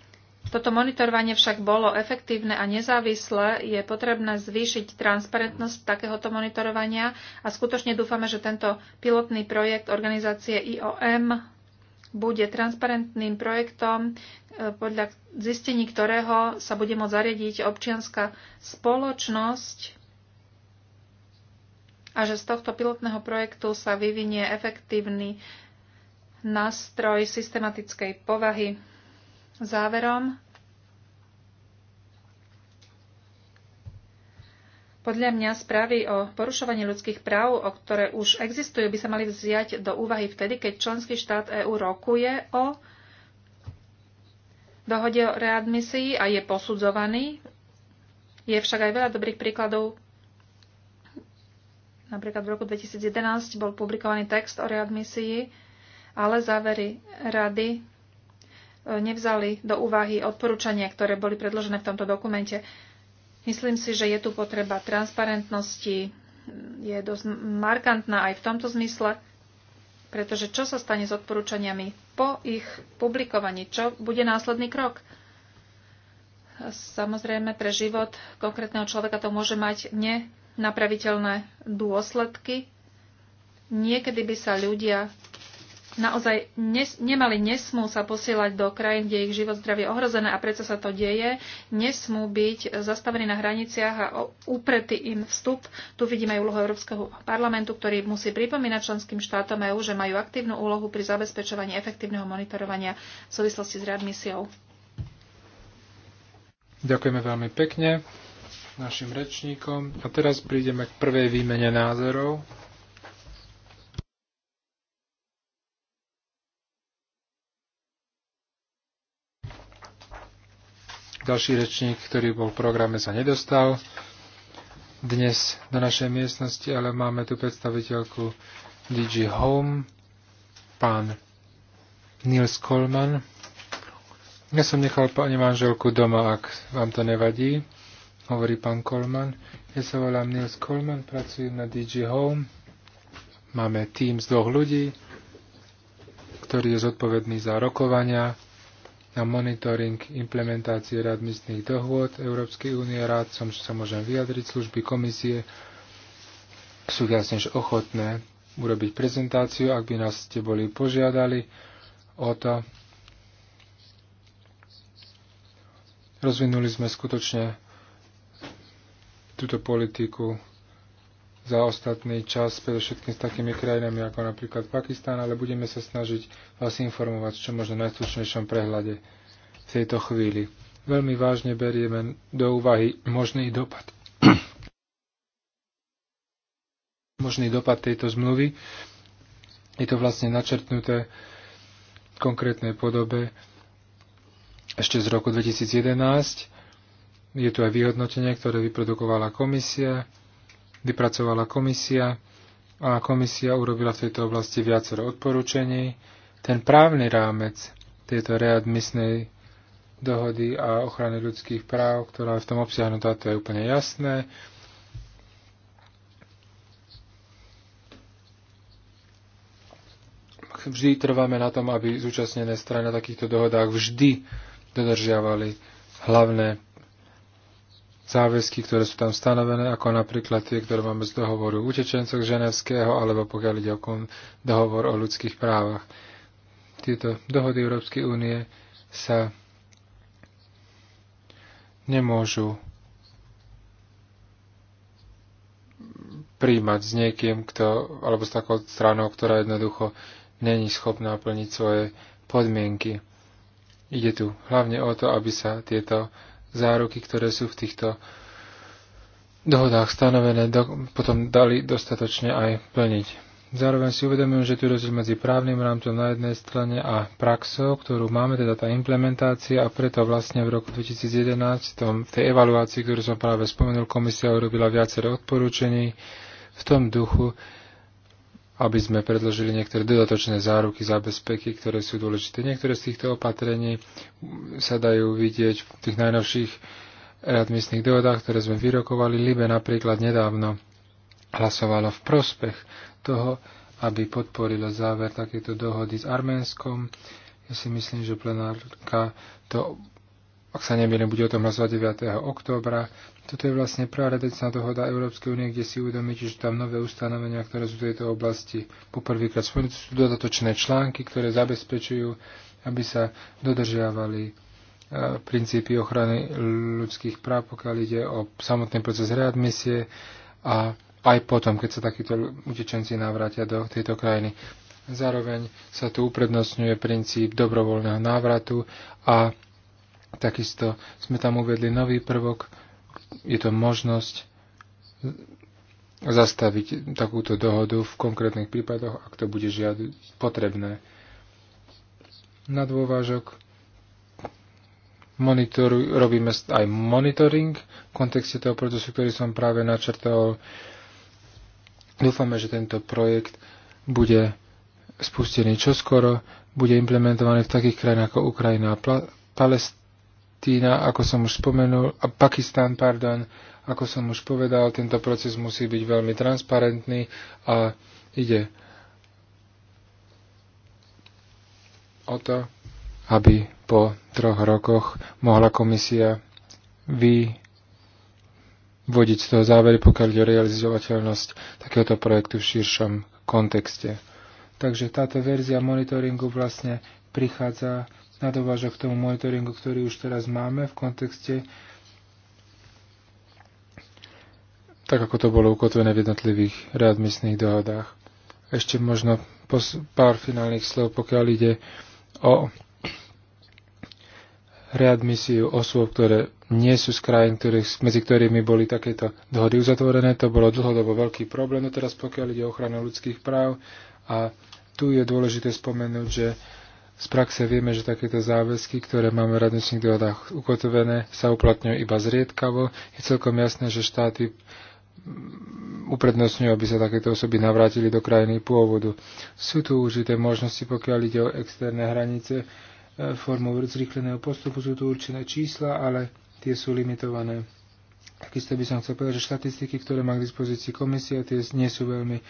toto monitorovanie však bolo efektívne a nezávislé, je potrebné zvýšiť transparentnosť takéhoto monitorovania a skutočne dúfame, že tento pilotný projekt organizácie IOM bude transparentným projektom, e, podľa zistení ktorého sa bude môcť zariadiť občianská spoločnosť a že z tohto pilotného projektu sa vyvinie efektívny nástroj systematickej povahy. Záverom Podľa mňa správy o porušovaní ľudských práv, o ktoré už existujú, by sa mali vziať do úvahy vtedy, keď členský štát EÚ rokuje o dohode o readmisii a je posudzovaný. Je však aj veľa dobrých príkladov. Napríklad v roku 2011 bol publikovaný text o readmisii, ale závery rady e, nevzali do úvahy odporúčania, ktoré boli predložené v tomto dokumente. Myslím si, že je tu potreba transparentnosti, je dosť markantná aj v tomto zmysle, pretože čo sa stane s odporúčaniami po ich publikovaní? Čo bude následný krok? Samozrejme, pre život konkrétneho človeka to môže mať nenapraviteľné dôsledky. Niekedy by sa ľudia naozaj nes, nemali, nesmú sa posielať do krajín, kde ich život zdravie ohrozené a prečo sa to deje, nesmú byť zastavení na hraniciach a úpretý im vstup. Tu vidíme aj úlohu Európskeho parlamentu, ktorý musí pripomínať členským štátom EÚ, že majú aktívnu úlohu pri zabezpečovaní efektívneho monitorovania v súvislosti s readmisiou. Ďakujeme veľmi pekne našim rečníkom a teraz prídeme k prvej výmene názorov. Ďalší rečník, ktorý bol v programe, sa nedostal dnes do našej miestnosti, ale máme tu predstaviteľku DG Home, pán Nils Coleman. Ja som nechal pani manželku doma, ak vám to nevadí, hovorí pán Coleman. Ja sa volám Nils Coleman, pracujem na DG Home. Máme tým z dvoch ľudí, ktorý je zodpovedný za rokovania na monitoring implementácie readmisných dohôd Európskej únie. Rád som, že sa môžem vyjadriť. Služby komisie sú viac než ochotné urobiť prezentáciu, ak by nás ste boli požiadali o to. Rozvinuli sme skutočne túto politiku za ostatný čas, predovšetkým s takými krajinami ako napríklad Pakistán, ale budeme sa snažiť vás informovať v čo možno najstručnejšom prehľade v tejto chvíli. Veľmi vážne berieme do úvahy možný dopad. možný dopad tejto zmluvy. Je to vlastne načrtnuté v konkrétnej podobe ešte z roku 2011. Je tu aj vyhodnotenie, ktoré vyprodukovala komisia vypracovala komisia a komisia urobila v tejto oblasti viacero odporúčení. Ten právny rámec tejto readmisnej dohody a ochrany ľudských práv, ktorá je v tom obsiahnutá, to je úplne jasné. Vždy trváme na tom, aby zúčastnené strany na takýchto dohodách vždy dodržiavali hlavné záväzky, ktoré sú tam stanovené, ako napríklad tie, ktoré máme z dohovoru utečencov ženevského, alebo pokiaľ ide o dohovor o ľudských právach. Tieto dohody Európskej únie sa nemôžu príjmať s niekým, kto, alebo s takou stranou, ktorá jednoducho není schopná plniť svoje podmienky. Ide tu hlavne o to, aby sa tieto záruky, ktoré sú v týchto dohodách stanovené, do, potom dali dostatočne aj plniť. Zároveň si uvedomujem, že tu rozdiel medzi právnym rámcom na jednej strane a praxou, ktorú máme, teda tá implementácia a preto vlastne v roku 2011 tom, v tej evaluácii, ktorú som práve spomenul, komisia urobila viacero odporúčení v tom duchu, aby sme predložili niektoré dodatočné záruky, zabezpeky, ktoré sú dôležité. Niektoré z týchto opatrení sa dajú vidieť v tých najnovších readmisných dohodách, ktoré sme vyrokovali. Libe napríklad nedávno hlasovala v prospech toho, aby podporila záver takéto dohody s Arménskom. Ja si myslím, že plenárka to, ak sa nemýlim, bude o tom hlasovať 9. októbra. Toto je vlastne prvá radecná dohoda Európskej únie, kde si uvedomíte, že tam nové ustanovenia, ktoré sú v tejto oblasti poprvýkrát spomenuté, sú dodatočné články, ktoré zabezpečujú, aby sa dodržiavali e, princípy ochrany ľudských práv, pokiaľ ide o samotný proces readmisie a aj potom, keď sa takíto utečenci navrátia do tejto krajiny. Zároveň sa tu uprednostňuje princíp dobrovoľného návratu a takisto sme tam uvedli nový prvok, je to možnosť zastaviť takúto dohodu v konkrétnych prípadoch, ak to bude žiad potrebné. Na dôvážok monitoru, robíme aj monitoring v kontexte toho procesu, ktorý som práve načrtol. Dúfame, že tento projekt bude spustený čoskoro, bude implementovaný v takých krajinách ako Ukrajina a Palestina Argentína, ako som už spomenul, a Pakistan, pardon, ako som už povedal, tento proces musí byť veľmi transparentný a ide o to, aby po troch rokoch mohla komisia vyvodiť z toho závery, pokiaľ ide o realizovateľnosť takéhoto projektu v širšom kontexte. Takže táto verzia monitoringu vlastne prichádza na dovážok k tomu monitoringu, ktorý už teraz máme v kontexte tak ako to bolo ukotvené v jednotlivých readmisných dohodách. Ešte možno pár finálnych slov, pokiaľ ide o readmisiu osôb, ktoré nie sú z krajín, ktorých, medzi ktorými boli takéto dohody uzatvorené. To bolo dlhodobo veľký problém. No teraz pokiaľ ide o ochranu ľudských práv a tu je dôležité spomenúť, že z praxe vieme, že takéto záväzky, ktoré máme v radničných dohodách ukotvené, sa uplatňujú iba zriedkavo. Je celkom jasné, že štáty uprednostňujú, aby sa takéto osoby navrátili do krajiny pôvodu. Sú tu určité možnosti, pokiaľ ide o externé hranice e, formou zrýchleného postupu. Sú tu určené čísla, ale tie sú limitované. Takisto by som chcel povedať, že štatistiky, ktoré má k dispozícii komisia, tie nie sú veľmi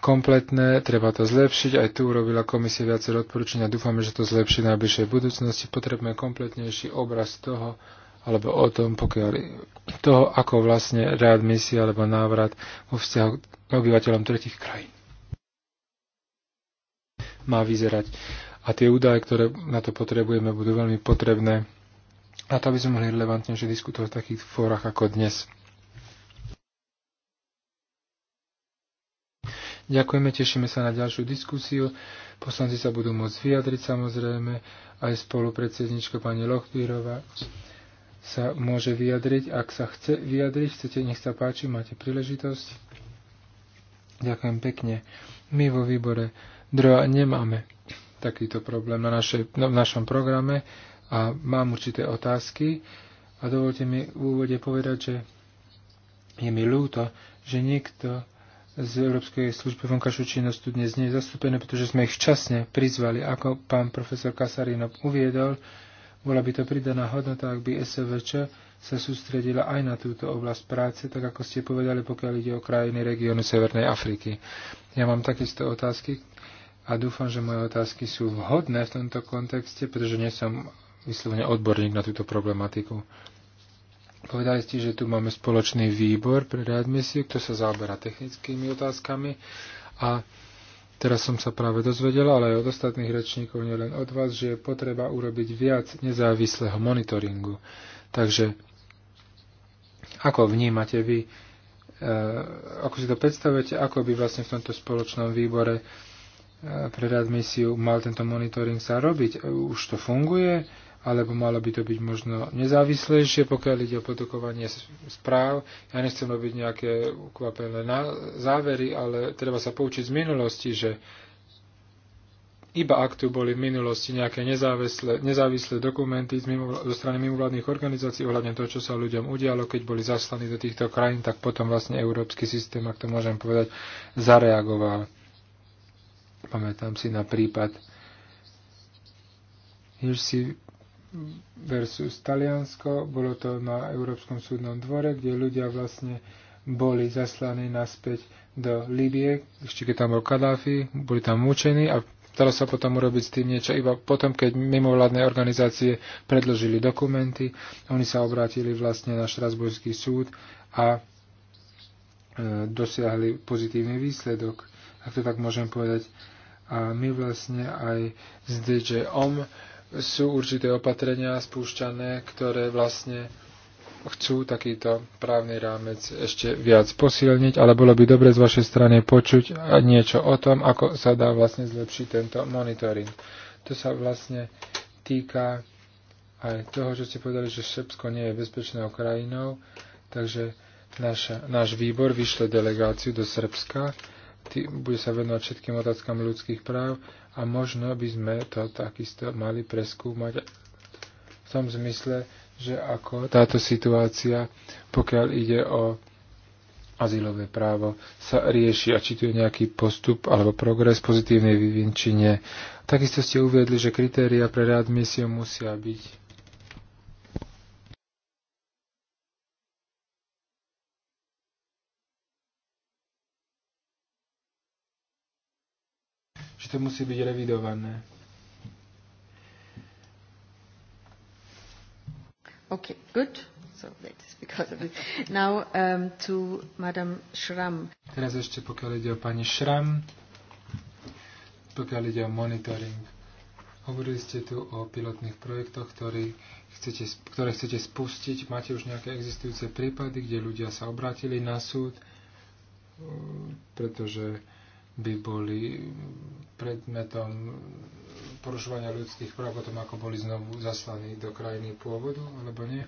kompletné, treba to zlepšiť. Aj tu urobila komisia viacero odporúčania. Dúfame, že to zlepší v najbližšej budúcnosti. Potrebujeme kompletnejší obraz toho, alebo o tom, pokiaľ toho, ako vlastne readmisia alebo návrat vo vzťahu k obyvateľom tretich krajín má vyzerať. A tie údaje, ktoré na to potrebujeme, budú veľmi potrebné na to, aby sme mohli relevantnejšie diskutovať v takých fórach ako dnes. Ďakujeme, tešíme sa na ďalšiu diskusiu. Poslanci sa budú môcť vyjadriť samozrejme, aj spolupredsednička pani Lochvírova sa môže vyjadriť. Ak sa chce vyjadriť, chcete, nech sa páči, máte príležitosť. Ďakujem pekne. My vo výbore droha nemáme takýto problém na našej, no, v našom programe a mám určité otázky a dovolte mi v úvode povedať, že je mi ľúto, že niekto z Európskej služby vonkašu činnosť tu dnes nie je zastúpené, pretože sme ich včasne prizvali. Ako pán profesor Kasarinov uviedol, bola by to pridaná hodnota, ak by SVČ sa sústredila aj na túto oblasť práce, tak ako ste povedali, pokiaľ ide o krajiny regiónu Severnej Afriky. Ja mám takisto otázky a dúfam, že moje otázky sú vhodné v tomto kontexte, pretože nie som vyslovene odborník na túto problematiku. Povedali ste, že tu máme spoločný výbor pre readmisiu, kto sa zaoberá technickými otázkami a teraz som sa práve dozvedela, ale aj od ostatných rečníkov, nielen od vás, že je potreba urobiť viac nezávislého monitoringu. Takže ako vnímate vy, e, ako si to predstavujete, ako by vlastne v tomto spoločnom výbore e, pre readmisiu mal tento monitoring sa robiť? Už to funguje? E, alebo malo by to byť možno nezávislejšie, pokiaľ ide o produkovanie správ. Ja nechcem robiť nejaké ukvapené závery, ale treba sa poučiť z minulosti, že iba ak tu boli v minulosti nejaké nezávislé, nezávislé dokumenty z mimo, zo strany mimovládnych organizácií ohľadne toho, čo sa ľuďom udialo, keď boli zaslaní do týchto krajín, tak potom vlastne európsky systém, ak to môžem povedať, zareagoval. Pamätám si na prípad si versus Taliansko. Bolo to na Európskom súdnom dvore, kde ľudia vlastne boli zaslaní naspäť do Libie, ešte keď tam bol Kadáfi, boli tam mučení a stalo sa potom urobiť s tým niečo iba potom, keď mimovládne organizácie predložili dokumenty, oni sa obrátili vlastne na Štrasburský súd a e, dosiahli pozitívny výsledok, ak to tak môžem povedať. A my vlastne aj z DJ OM sú určité opatrenia spúšťané, ktoré vlastne chcú takýto právny rámec ešte viac posilniť, ale bolo by dobre z vašej strany počuť niečo o tom, ako sa dá vlastne zlepšiť tento monitoring. To sa vlastne týka aj toho, že ste povedali, že Šepsko nie je bezpečnou krajinou, takže naša, náš výbor vyšle delegáciu do Srbska tý, bude sa venovať všetkým otázkam ľudských práv a možno by sme to takisto mali preskúmať v tom zmysle, že ako táto situácia, pokiaľ ide o azylové právo, sa rieši a či tu je nejaký postup alebo progres pozitívnej vyvinčine, či nie. Takisto ste uviedli, že kritéria pre readmisiu musia byť že to musí byť revidované. OK, good. So that is because of it. Now um, to Madam Schramm. Teraz ešte pokiaľ ide o pani Schramm, pokiaľ ide o monitoring. Hovorili ste tu o pilotných projektoch, ktorý chcete, ktoré chcete spustiť. Máte už nejaké existujúce prípady, kde ľudia sa obrátili na súd, pretože by boli predmetom porušovania ľudských práv potom, ako boli znovu zaslaní do krajiny pôvodu, alebo nie.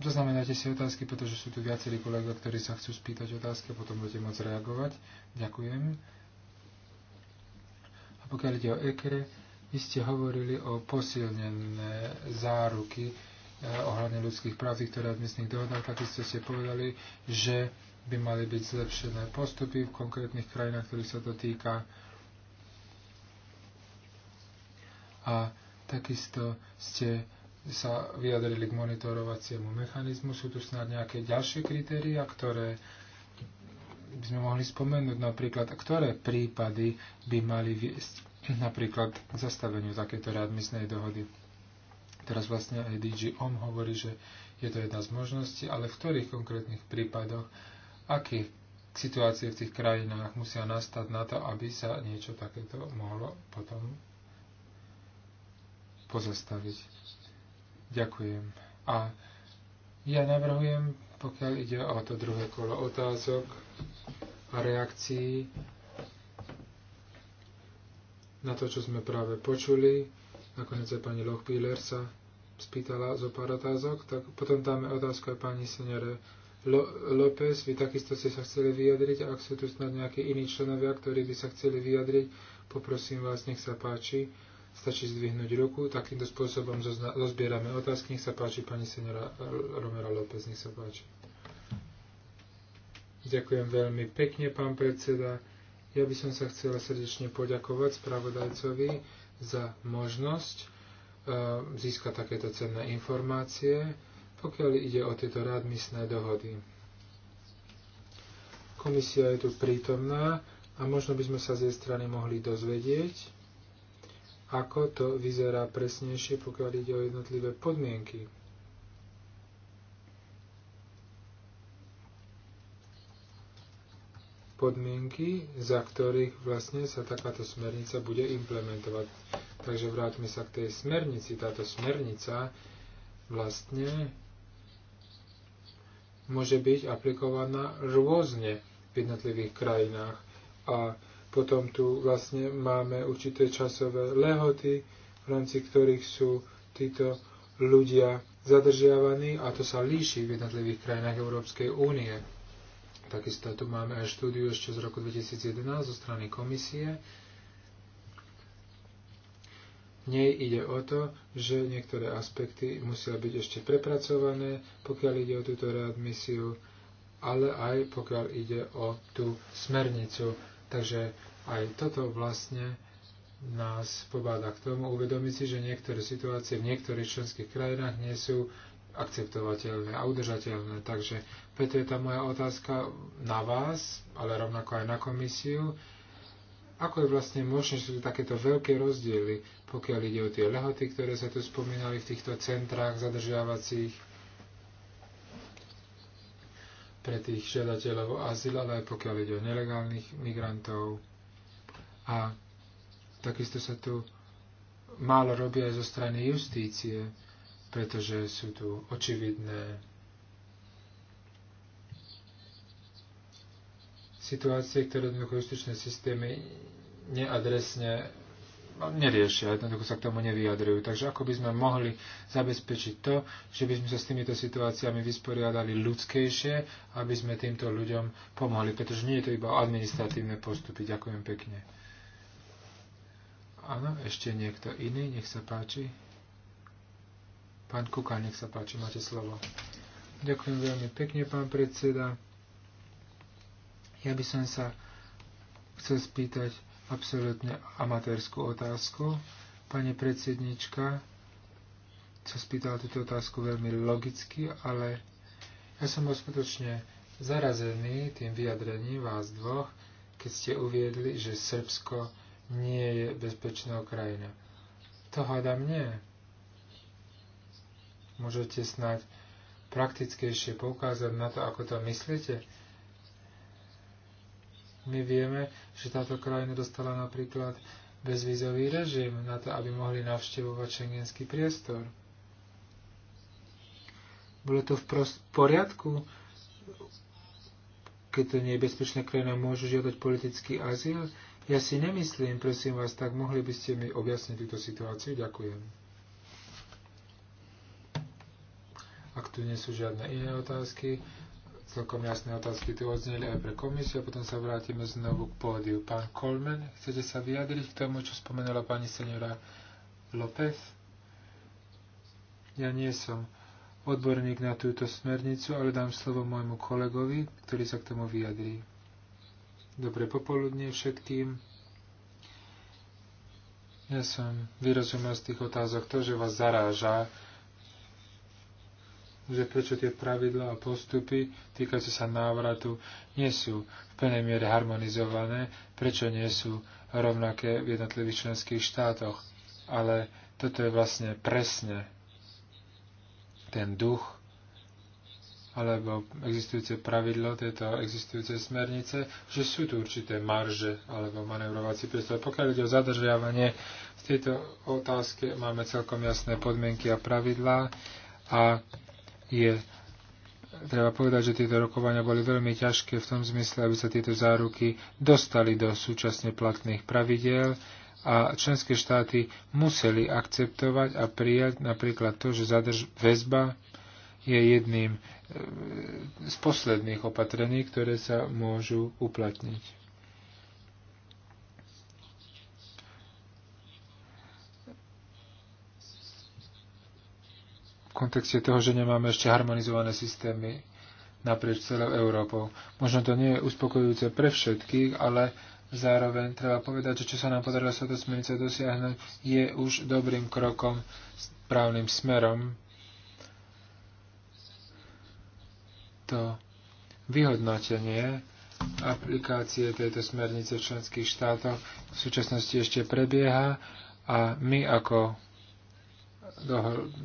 Zaznamenajte si otázky, pretože sú tu viacerí kolegovia, ktorí sa chcú spýtať otázky a potom budete môcť reagovať. Ďakujem. A pokiaľ ide o EKRE, vy ste hovorili o posilnené záruky eh, ohľadne ľudských práv, ktoré v miestnych dohodách, takisto ste povedali, že by mali byť zlepšené postupy v konkrétnych krajinách, ktorých sa to týka. A takisto ste sa vyjadrili k monitorovaciemu mechanizmu. Sú tu snad nejaké ďalšie kritéria, ktoré by sme mohli spomenúť napríklad, ktoré prípady by mali viesť napríklad k zastaveniu takéto readmisnej dohody. Teraz vlastne aj DG OM hovorí, že je to jedna z možností, ale v ktorých konkrétnych prípadoch aké situácie v tých krajinách musia nastať na to, aby sa niečo takéto mohlo potom pozastaviť. Ďakujem. A ja navrhujem, pokiaľ ide o to druhé kolo otázok a reakcií na to, čo sme práve počuli, nakoniec aj pani Lochbíler sa spýtala zo pár otázok, tak potom dáme otázku aj pani seniore López, vy takisto ste sa chceli vyjadriť a ak sú tu snad nejakí iní členovia, ktorí by sa chceli vyjadriť, poprosím vás, nech sa páči. Stačí zdvihnúť ruku, takýmto spôsobom rozbierame otázky. Nech sa páči, pani senora Romera López, nech sa páči. Ďakujem veľmi pekne, pán predseda. Ja by som sa chcela srdečne poďakovať spravodajcovi za možnosť eh, získať takéto cenné informácie pokiaľ ide o tieto rádmisné dohody. Komisia je tu prítomná a možno by sme sa z jej strany mohli dozvedieť, ako to vyzerá presnejšie, pokiaľ ide o jednotlivé podmienky. podmienky, za ktorých vlastne sa takáto smernica bude implementovať. Takže vráťme sa k tej smernici. Táto smernica vlastne môže byť aplikovaná rôzne v jednotlivých krajinách. A potom tu vlastne máme určité časové lehoty, v rámci ktorých sú títo ľudia zadržiavaní a to sa líši v jednotlivých krajinách Európskej únie. Takisto tu máme aj štúdiu ešte z roku 2011 zo strany komisie, nej ide o to, že niektoré aspekty musia byť ešte prepracované, pokiaľ ide o túto readmisiu, ale aj pokiaľ ide o tú smernicu. Takže aj toto vlastne nás pobáda k tomu uvedomiť si, že niektoré situácie v niektorých členských krajinách nie sú akceptovateľné a udržateľné. Takže preto je tá moja otázka na vás, ale rovnako aj na komisiu, ako je vlastne možné, že sú tu takéto veľké rozdiely, pokiaľ ide o tie lehoty, ktoré sa tu spomínali v týchto centrách zadržiavacích pre tých žiadateľov o azyl, ale aj pokiaľ ide o nelegálnych migrantov. A takisto sa tu málo robí aj zo strany justície, pretože sú tu očividné situácie, ktoré jednoducho justičné systémy neadresne no, neriešia, jednoducho sa k tomu nevyjadrujú. Takže ako by sme mohli zabezpečiť to, že by sme sa s týmito situáciami vysporiadali ľudskejšie, aby sme týmto ľuďom pomohli, pretože nie je to iba administratívne postupy. Ďakujem pekne. Áno, ešte niekto iný, nech sa páči. Pán Kuka, nech sa páči, máte slovo. Ďakujem veľmi pekne, pán predseda. Ja by som sa chcel spýtať absolútne amatérskú otázku. Pani predsednička sa spýtala túto otázku veľmi logicky, ale ja som bol skutočne zarazený tým vyjadrením vás dvoch, keď ste uviedli, že Srbsko nie je bezpečná krajina. To hádam nie. Môžete snať praktickejšie poukázať na to, ako to myslíte? My vieme, že táto krajina dostala napríklad bezvízový režim na to, aby mohli navštevovať šengenský priestor. Bolo to v poriadku, keď to nebezpečná krajina môžu žiadať politický azyl? Ja si nemyslím, prosím vás, tak mohli by ste mi objasniť túto situáciu? Ďakujem. Ak tu nie sú žiadne iné otázky, Celkom jasné otázky tu odzneli aj pre komisiu a potom sa vrátime znovu k pódiu. Pán Kolmen, chcete sa vyjadriť k tomu, čo spomenula pani seniora López? Ja nie som odborník na túto smernicu, ale dám slovo môjmu kolegovi, ktorý sa k tomu vyjadrí. Dobré popoludne všetkým. Ja som vyrozumel z tých otázok to, že vás zaráža že prečo tie pravidlá a postupy týkajúce sa návratu nie sú v plnej miere harmonizované, prečo nie sú rovnaké v jednotlivých členských štátoch. Ale toto je vlastne presne ten duch alebo existujúce pravidlo tejto existujúce smernice, že sú tu určité marže alebo manevrovací priestor. Pokiaľ ide o zadržiavanie, v tejto otázke máme celkom jasné podmienky a pravidlá a je treba povedať, že tieto rokovania boli veľmi ťažké v tom zmysle, aby sa tieto záruky dostali do súčasne platných pravidel a členské štáty museli akceptovať a prijať napríklad to, že zadrž- väzba je jedným e, z posledných opatrení, ktoré sa môžu uplatniť. kontexte toho, že nemáme ešte harmonizované systémy naprieč celou Európou. Možno to nie je uspokojujúce pre všetkých, ale zároveň treba povedať, že čo sa nám podarilo sa to smernice dosiahnuť, je už dobrým krokom správnym smerom. To vyhodnotenie aplikácie tejto smernice v členských štátoch v súčasnosti ešte prebieha a my ako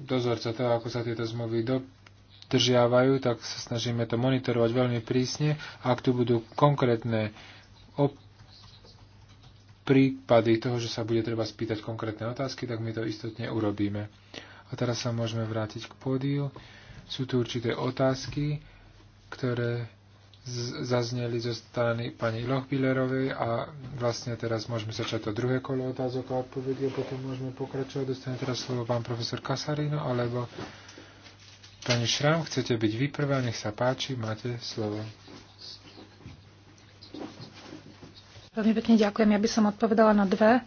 dozorca toho, ako sa tieto zmluvy dodržiavajú, tak sa snažíme to monitorovať veľmi prísne. Ak tu budú konkrétne prípady toho, že sa bude treba spýtať konkrétne otázky, tak my to istotne urobíme. A teraz sa môžeme vrátiť k pódiu. Sú tu určité otázky, ktoré zazneli zo strany pani Lochbillerovej a vlastne teraz môžeme začať to druhé kolo otázok a odpovedí a potom môžeme pokračovať. Dostane teraz slovo pán profesor Kasarino alebo pani Šram, chcete byť vy prvá, nech sa páči, máte slovo. Veľmi pekne ďakujem. Ja by som odpovedala na dve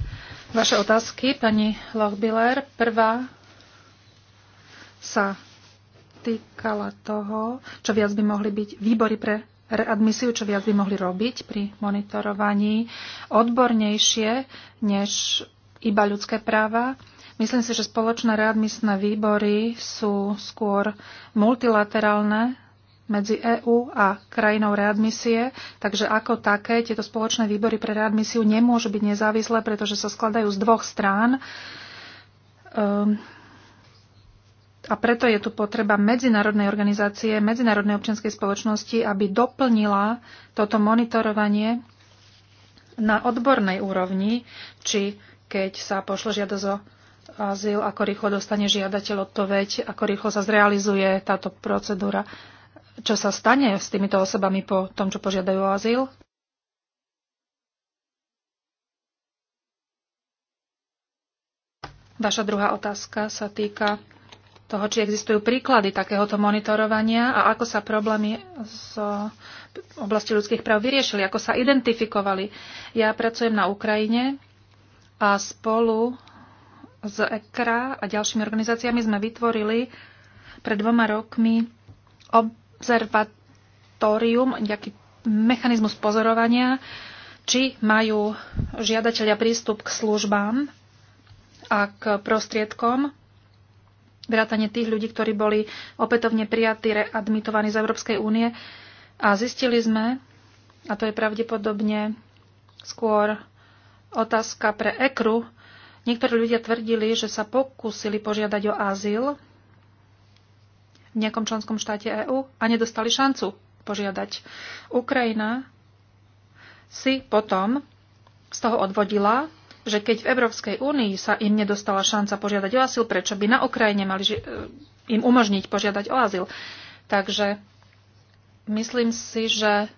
vaše otázky, pani Lochbiller. Prvá sa týkala toho, čo viac by mohli byť výbory pre readmisiu, čo viac by mohli robiť pri monitorovaní odbornejšie než iba ľudské práva. Myslím si, že spoločné readmisné výbory sú skôr multilaterálne medzi EÚ a krajinou readmisie, takže ako také tieto spoločné výbory pre readmisiu nemôžu byť nezávislé, pretože sa skladajú z dvoch strán. Um, a preto je tu potreba medzinárodnej organizácie, medzinárodnej občianskej spoločnosti, aby doplnila toto monitorovanie na odbornej úrovni, či keď sa pošle žiadosť o azyl, ako rýchlo dostane žiadateľ odpoveď, ako rýchlo sa zrealizuje táto procedúra, čo sa stane s týmito osobami po tom, čo požiadajú o azyl. Vaša druhá otázka sa týka toho, či existujú príklady takéhoto monitorovania a ako sa problémy z oblasti ľudských práv vyriešili, ako sa identifikovali. Ja pracujem na Ukrajine a spolu s EKRA a ďalšími organizáciami sme vytvorili pred dvoma rokmi observatórium, nejaký mechanizmus pozorovania, či majú žiadateľia prístup k službám a k prostriedkom vrátane tých ľudí, ktorí boli opätovne prijatí, readmitovaní z Európskej únie. A zistili sme, a to je pravdepodobne skôr otázka pre EKRU, niektorí ľudia tvrdili, že sa pokúsili požiadať o azyl v nejakom členskom štáte EÚ a nedostali šancu požiadať. Ukrajina si potom z toho odvodila že keď v Európskej únii sa im nedostala šanca požiadať o azyl, prečo by na Ukrajine mali im umožniť požiadať o azyl. Takže myslím si, že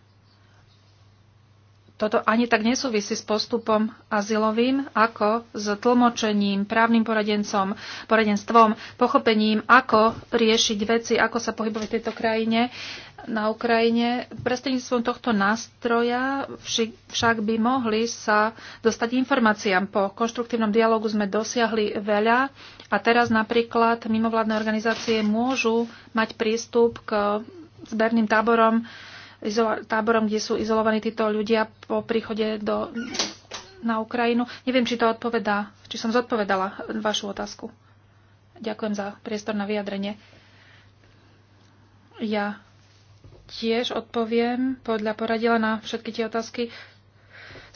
toto ani tak nesúvisí s postupom azylovým, ako s tlmočením, právnym poradencom, poradenstvom, pochopením, ako riešiť veci, ako sa pohybovať v tejto krajine, na Ukrajine. Prestredníctvom tohto nástroja však by mohli sa dostať informáciám. Po konštruktívnom dialogu sme dosiahli veľa a teraz napríklad mimovládne organizácie môžu mať prístup k zberným táborom táborom, kde sú izolovaní títo ľudia po príchode do, na Ukrajinu. Neviem, či to odpovedá, či som zodpovedala vašu otázku. Ďakujem za priestor na vyjadrenie. Ja tiež odpoviem podľa poradila na všetky tie otázky.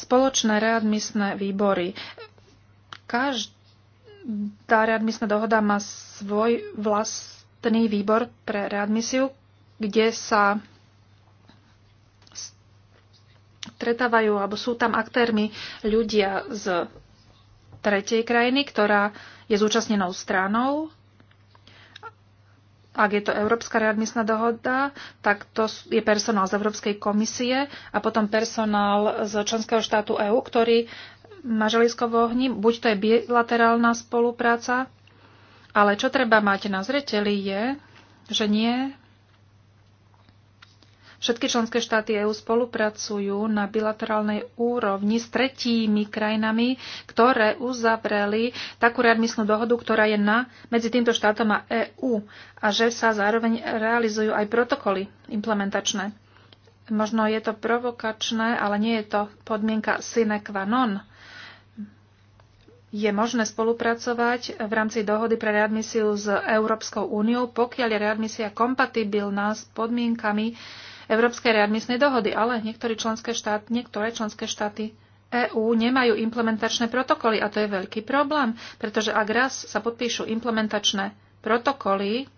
Spoločné readmisné výbory. Každá readmisná dohoda má svoj vlastný výbor pre readmisiu, kde sa stretávajú, alebo sú tam aktérmi ľudia z tretej krajiny, ktorá je zúčastnenou stranou. Ak je to Európska readmisná dohoda, tak to je personál z Európskej komisie a potom personál z členského štátu EÚ, ktorý má želisko v ohni. Buď to je bilaterálna spolupráca, ale čo treba mať na zreteli je, že nie Všetky členské štáty EÚ spolupracujú na bilaterálnej úrovni s tretími krajinami, ktoré uzavreli takú readmisnú dohodu, ktorá je na, medzi týmto štátom a EÚ a že sa zároveň realizujú aj protokoly implementačné. Možno je to provokačné, ale nie je to podmienka sine qua non. Je možné spolupracovať v rámci dohody pre readmisiu s Európskou úniou, pokiaľ je readmisia kompatibilná s podmienkami Európskej readmisnej dohody, ale niektoré členské štáty, niektoré členské štáty EÚ nemajú implementačné protokoly a to je veľký problém, pretože ak raz sa podpíšu implementačné protokoly,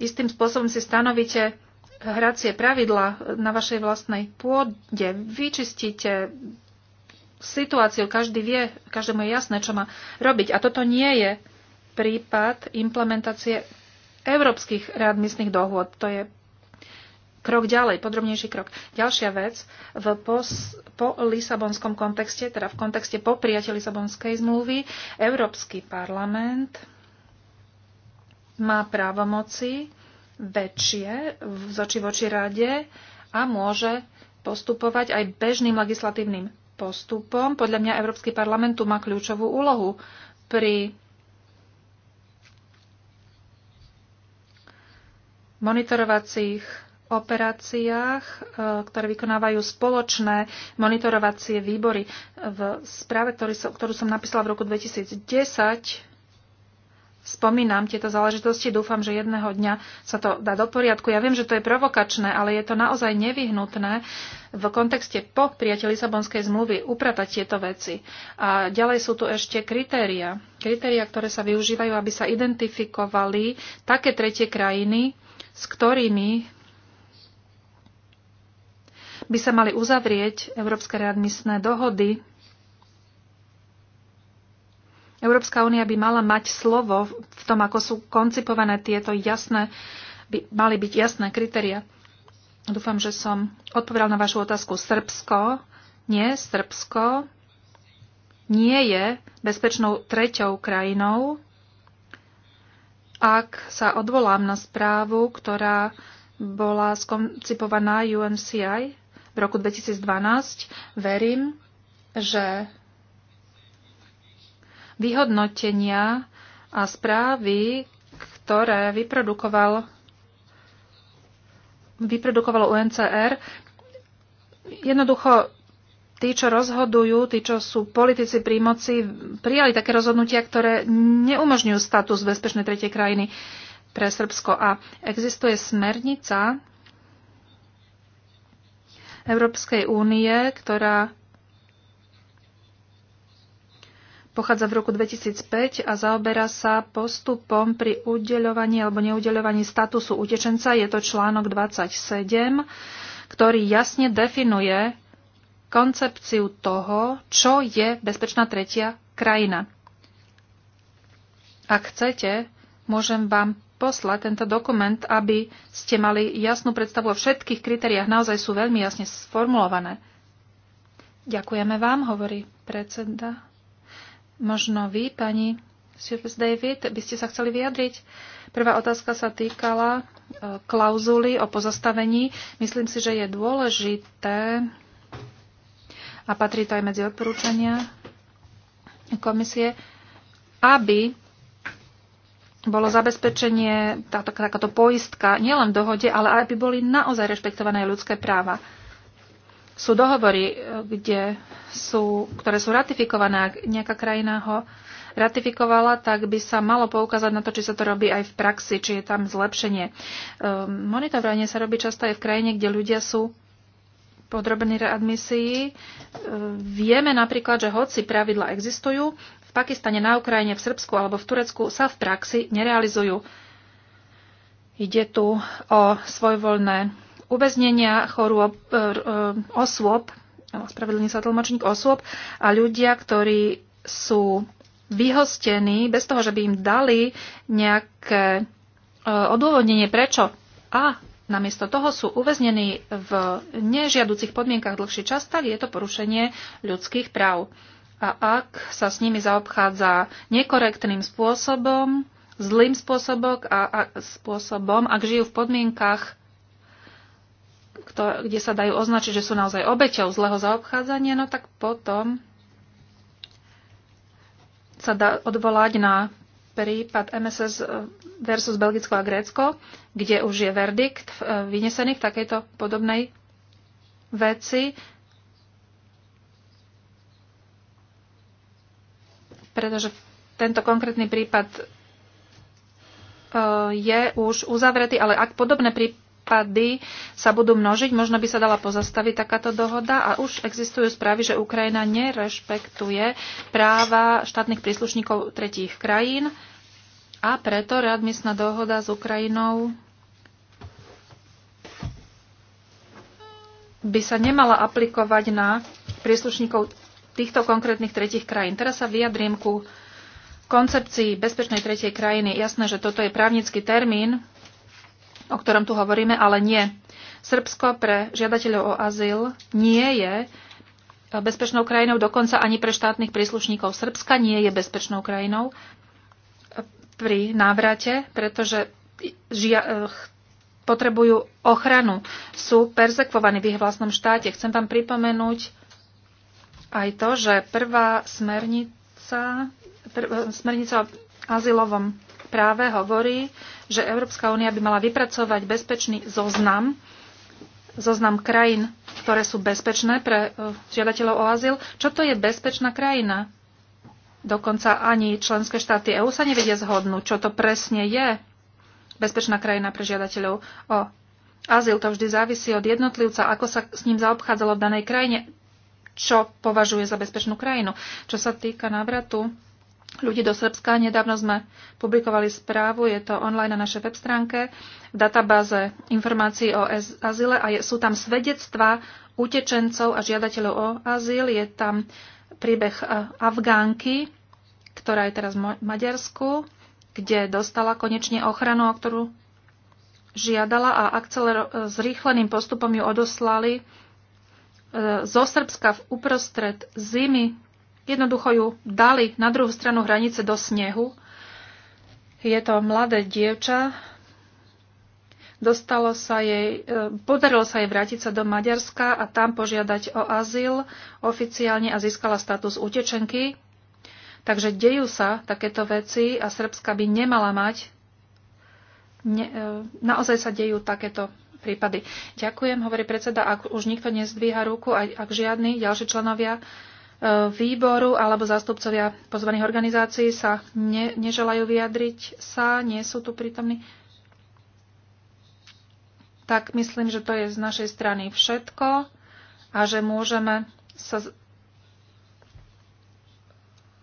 istým spôsobom si stanovíte hracie pravidla na vašej vlastnej pôde, vyčistíte situáciu, každý vie, každému je jasné, čo má robiť. A toto nie je prípad implementácie európskych readmisných dohôd. To je krok ďalej, podrobnejší krok. Ďalšia vec, v pos, po Lisabonskom kontexte, teda v kontexte po prijatí Lisabonskej zmluvy, Európsky parlament má právomoci väčšie z oči voči rade a môže postupovať aj bežným legislatívnym postupom. Podľa mňa Európsky parlament tu má kľúčovú úlohu pri monitorovacích operáciách, e, ktoré vykonávajú spoločné monitorovacie výbory. V správe, ktorú som napísala v roku 2010, spomínam tieto záležitosti. Dúfam, že jedného dňa sa to dá do poriadku. Ja viem, že to je provokačné, ale je to naozaj nevyhnutné v kontexte po prijatí Lisabonskej zmluvy upratať tieto veci. A ďalej sú tu ešte kritéria. Kritéria, ktoré sa využívajú, aby sa identifikovali také tretie krajiny, s ktorými by sa mali uzavrieť európske readmisné dohody. Európska únia by mala mať slovo v tom, ako sú koncipované tieto jasné, by mali byť jasné kritéria. Dúfam, že som odpovedal na vašu otázku. Srbsko, nie, Srbsko nie je bezpečnou treťou krajinou ak sa odvolám na správu, ktorá bola skoncipovaná UNCI v roku 2012, verím, že vyhodnotenia a správy, ktoré vyprodukoval, vyprodukovalo UNCR, jednoducho tí, čo rozhodujú, tí, čo sú politici pri moci, prijali také rozhodnutia, ktoré neumožňujú status bezpečnej tretej krajiny pre Srbsko. A existuje smernica Európskej únie, ktorá pochádza v roku 2005 a zaoberá sa postupom pri udeľovaní alebo neudeľovaní statusu utečenca. Je to článok 27, ktorý jasne definuje koncepciu toho, čo je bezpečná tretia krajina. Ak chcete, môžem vám poslať tento dokument, aby ste mali jasnú predstavu o všetkých kritériách. Naozaj sú veľmi jasne sformulované. Ďakujeme vám, hovorí predseda. Možno vy, pani Sirvis David, by ste sa chceli vyjadriť? Prvá otázka sa týkala e, klauzuly o pozastavení. Myslím si, že je dôležité a patrí to aj medzi odporúčania komisie, aby bolo zabezpečenie, táto, takáto poistka, nielen v dohode, ale aby boli naozaj rešpektované ľudské práva. Sú dohovory, e, kde sú, ktoré sú ratifikované, ak nejaká krajina ho ratifikovala, tak by sa malo poukázať na to, či sa to robí aj v praxi, či je tam zlepšenie. Ehm, monitorovanie sa robí často aj v krajine, kde ľudia sú podrobený readmisii. E, vieme napríklad, že hoci pravidla existujú, v Pakistane, na Ukrajine, v Srbsku alebo v Turecku sa v praxi nerealizujú. Ide tu o svojvoľné uväznenia chorôb, e, e, osôb, spravedlný sa tlmočník osôb a ľudia, ktorí sú vyhostení bez toho, že by im dali nejaké odôvodnenie prečo. A namiesto toho sú uväznení v nežiaducich podmienkach dlhší čas, tak je to porušenie ľudských práv. A ak sa s nimi zaobchádza nekorektným spôsobom, zlým spôsobom a, a spôsobom, ak žijú v podmienkach, kde sa dajú označiť, že sú naozaj obeťou zlého zaobchádzania, no tak potom sa dá odvolať na prípad MSS versus Belgicko a Grécko, kde už je verdikt eh, vynesený v takejto podobnej veci. Pretože tento konkrétny prípad eh, je už uzavretý, ale ak podobné prípady prípady sa budú množiť. Možno by sa dala pozastaviť takáto dohoda a už existujú správy, že Ukrajina nerešpektuje práva štátnych príslušníkov tretích krajín a preto readmisná dohoda s Ukrajinou by sa nemala aplikovať na príslušníkov týchto konkrétnych tretich krajín. Teraz sa vyjadrím ku koncepcii bezpečnej tretej krajiny. Jasné, že toto je právnický termín, o ktorom tu hovoríme, ale nie. Srbsko pre žiadateľov o azyl nie je bezpečnou krajinou, dokonca ani pre štátnych príslušníkov Srbska nie je bezpečnou krajinou pri návrate, pretože žia- eh, potrebujú ochranu, sú persekvovaní v ich vlastnom štáte. Chcem vám pripomenúť aj to, že prvá smernica, prv, eh, smernica o azylovom práve hovorí, že Európska únia by mala vypracovať bezpečný zoznam, zoznam krajín, ktoré sú bezpečné pre e, žiadateľov o azyl. Čo to je bezpečná krajina? Dokonca ani členské štáty EÚ sa nevedia zhodnúť, čo to presne je bezpečná krajina pre žiadateľov o azyl. To vždy závisí od jednotlivca, ako sa s ním zaobchádzalo v danej krajine, čo považuje za bezpečnú krajinu. Čo sa týka návratu ľudí do Srbska. Nedávno sme publikovali správu, je to online na našej web stránke, v databáze informácií o azyle a je, sú tam svedectva utečencov a žiadateľov o azyl. Je tam príbeh e, Afgánky, ktorá je teraz v Maďarsku, kde dostala konečne ochranu, o ktorú žiadala a akceler e, s rýchleným postupom ju odoslali e, zo Srbska v uprostred zimy Jednoducho ju dali na druhú stranu hranice do snehu. Je to mladé dievča. Dostalo sa jej, e, podarilo sa jej vrátiť sa do Maďarska a tam požiadať o azyl oficiálne a získala status utečenky. Takže dejú sa takéto veci a Srbska by nemala mať. Ne, e, naozaj sa dejú takéto prípady. Ďakujem, hovorí predseda, ak už nikto nezdvíha ruku, aj ak žiadny ďalší členovia výboru alebo zástupcovia pozvaných organizácií sa ne, neželajú vyjadriť sa, nie sú tu prítomní. Tak myslím, že to je z našej strany všetko a že môžeme sa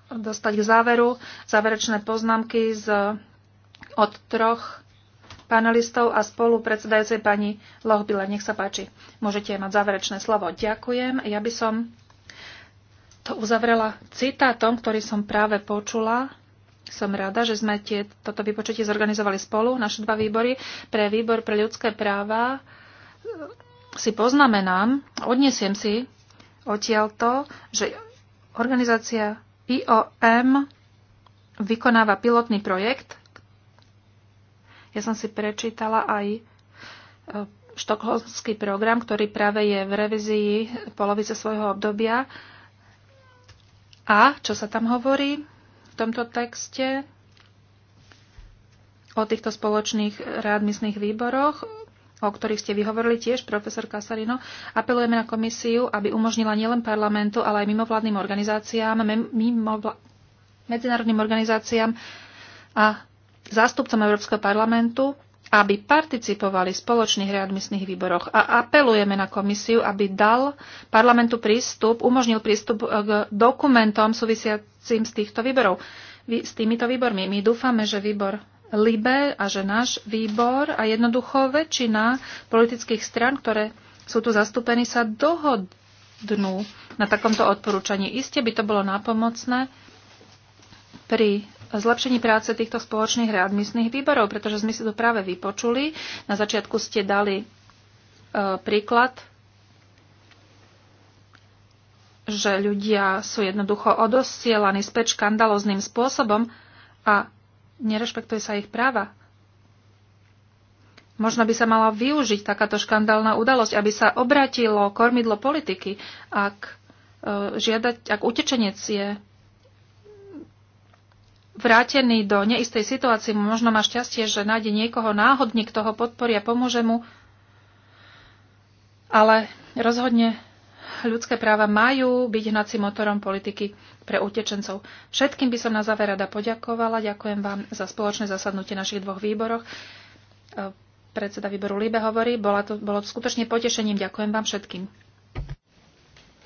dostať k záveru. Záverečné poznámky z, od troch panelistov a spolu predsedajúcej pani Lohbile. Nech sa páči, môžete mať záverečné slovo. Ďakujem. Ja by som to uzavrela citátom, ktorý som práve počula. Som rada, že sme tie, toto vypočutie zorganizovali spolu, naše dva výbory. Pre výbor pre ľudské práva e, si poznamenám, odnesiem si odtiaľto, že organizácia IOM vykonáva pilotný projekt. Ja som si prečítala aj e, štokholmský program, ktorý práve je v revizii polovice svojho obdobia a čo sa tam hovorí v tomto texte o týchto spoločných readmisných výboroch, o ktorých ste vyhovorili tiež, profesor Kasarino, apelujeme na komisiu, aby umožnila nielen parlamentu, ale aj mimovládnym organizáciám, mimovla- medzinárodným organizáciám a zástupcom Európskeho parlamentu aby participovali v spoločných readmisných výboroch a apelujeme na komisiu, aby dal parlamentu prístup, umožnil prístup k dokumentom súvisiacim z týchto výborov, s týmito výbormi. My dúfame, že výbor Libe a že náš výbor a jednoducho väčšina politických stran, ktoré sú tu zastúpení, sa dohodnú na takomto odporúčaní. Isté by to bolo nápomocné pri zlepšení práce týchto spoločných readmisných výborov, pretože sme si to práve vypočuli. Na začiatku ste dali e, príklad, že ľudia sú jednoducho odosielaní späť škandalozným spôsobom a nerešpektuje sa ich práva. Možno by sa mala využiť takáto škandálna udalosť, aby sa obratilo kormidlo politiky, ak, e, žiadať, ak utečenec je vrátený do neistej situácie, možno má šťastie, že nájde niekoho náhodník, kto ho podporí a pomôže mu, ale rozhodne ľudské práva majú byť hnacím motorom politiky pre utečencov. Všetkým by som na záver rada poďakovala. Ďakujem vám za spoločné zasadnutie našich dvoch výboroch. E, predseda výboru Líbe hovorí, bola to, bolo to skutočne potešením. Ďakujem vám všetkým.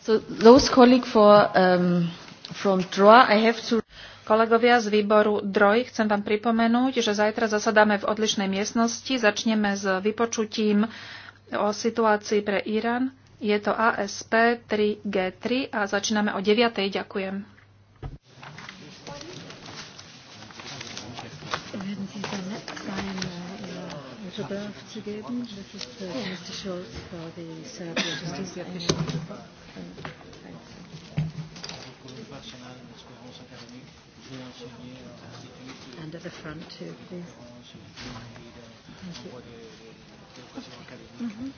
So those for, um, from DROA, I have to... Kolegovia z výboru DROJ, chcem vám pripomenúť, že zajtra zasadáme v odlišnej miestnosti. Začneme s vypočutím o situácii pre Irán. Je to ASP 3G3 a začíname o 9. Ďakujem. And at the front too, please. Thank you. Mm-hmm.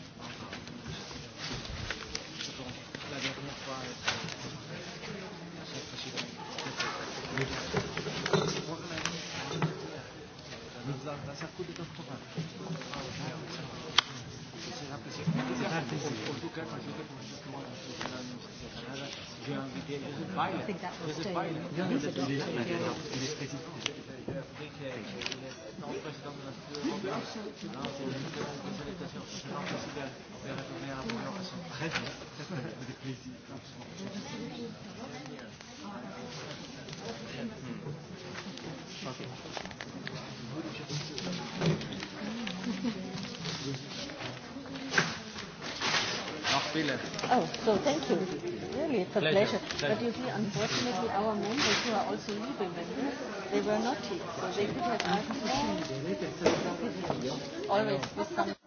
I think that was taken. No, no, Oh, so thank you really, it's a pleasure. pleasure. pleasure. But you see, unfortunately, our members who are also leaving, members, they were not here, so they could have asked. for. Always with some.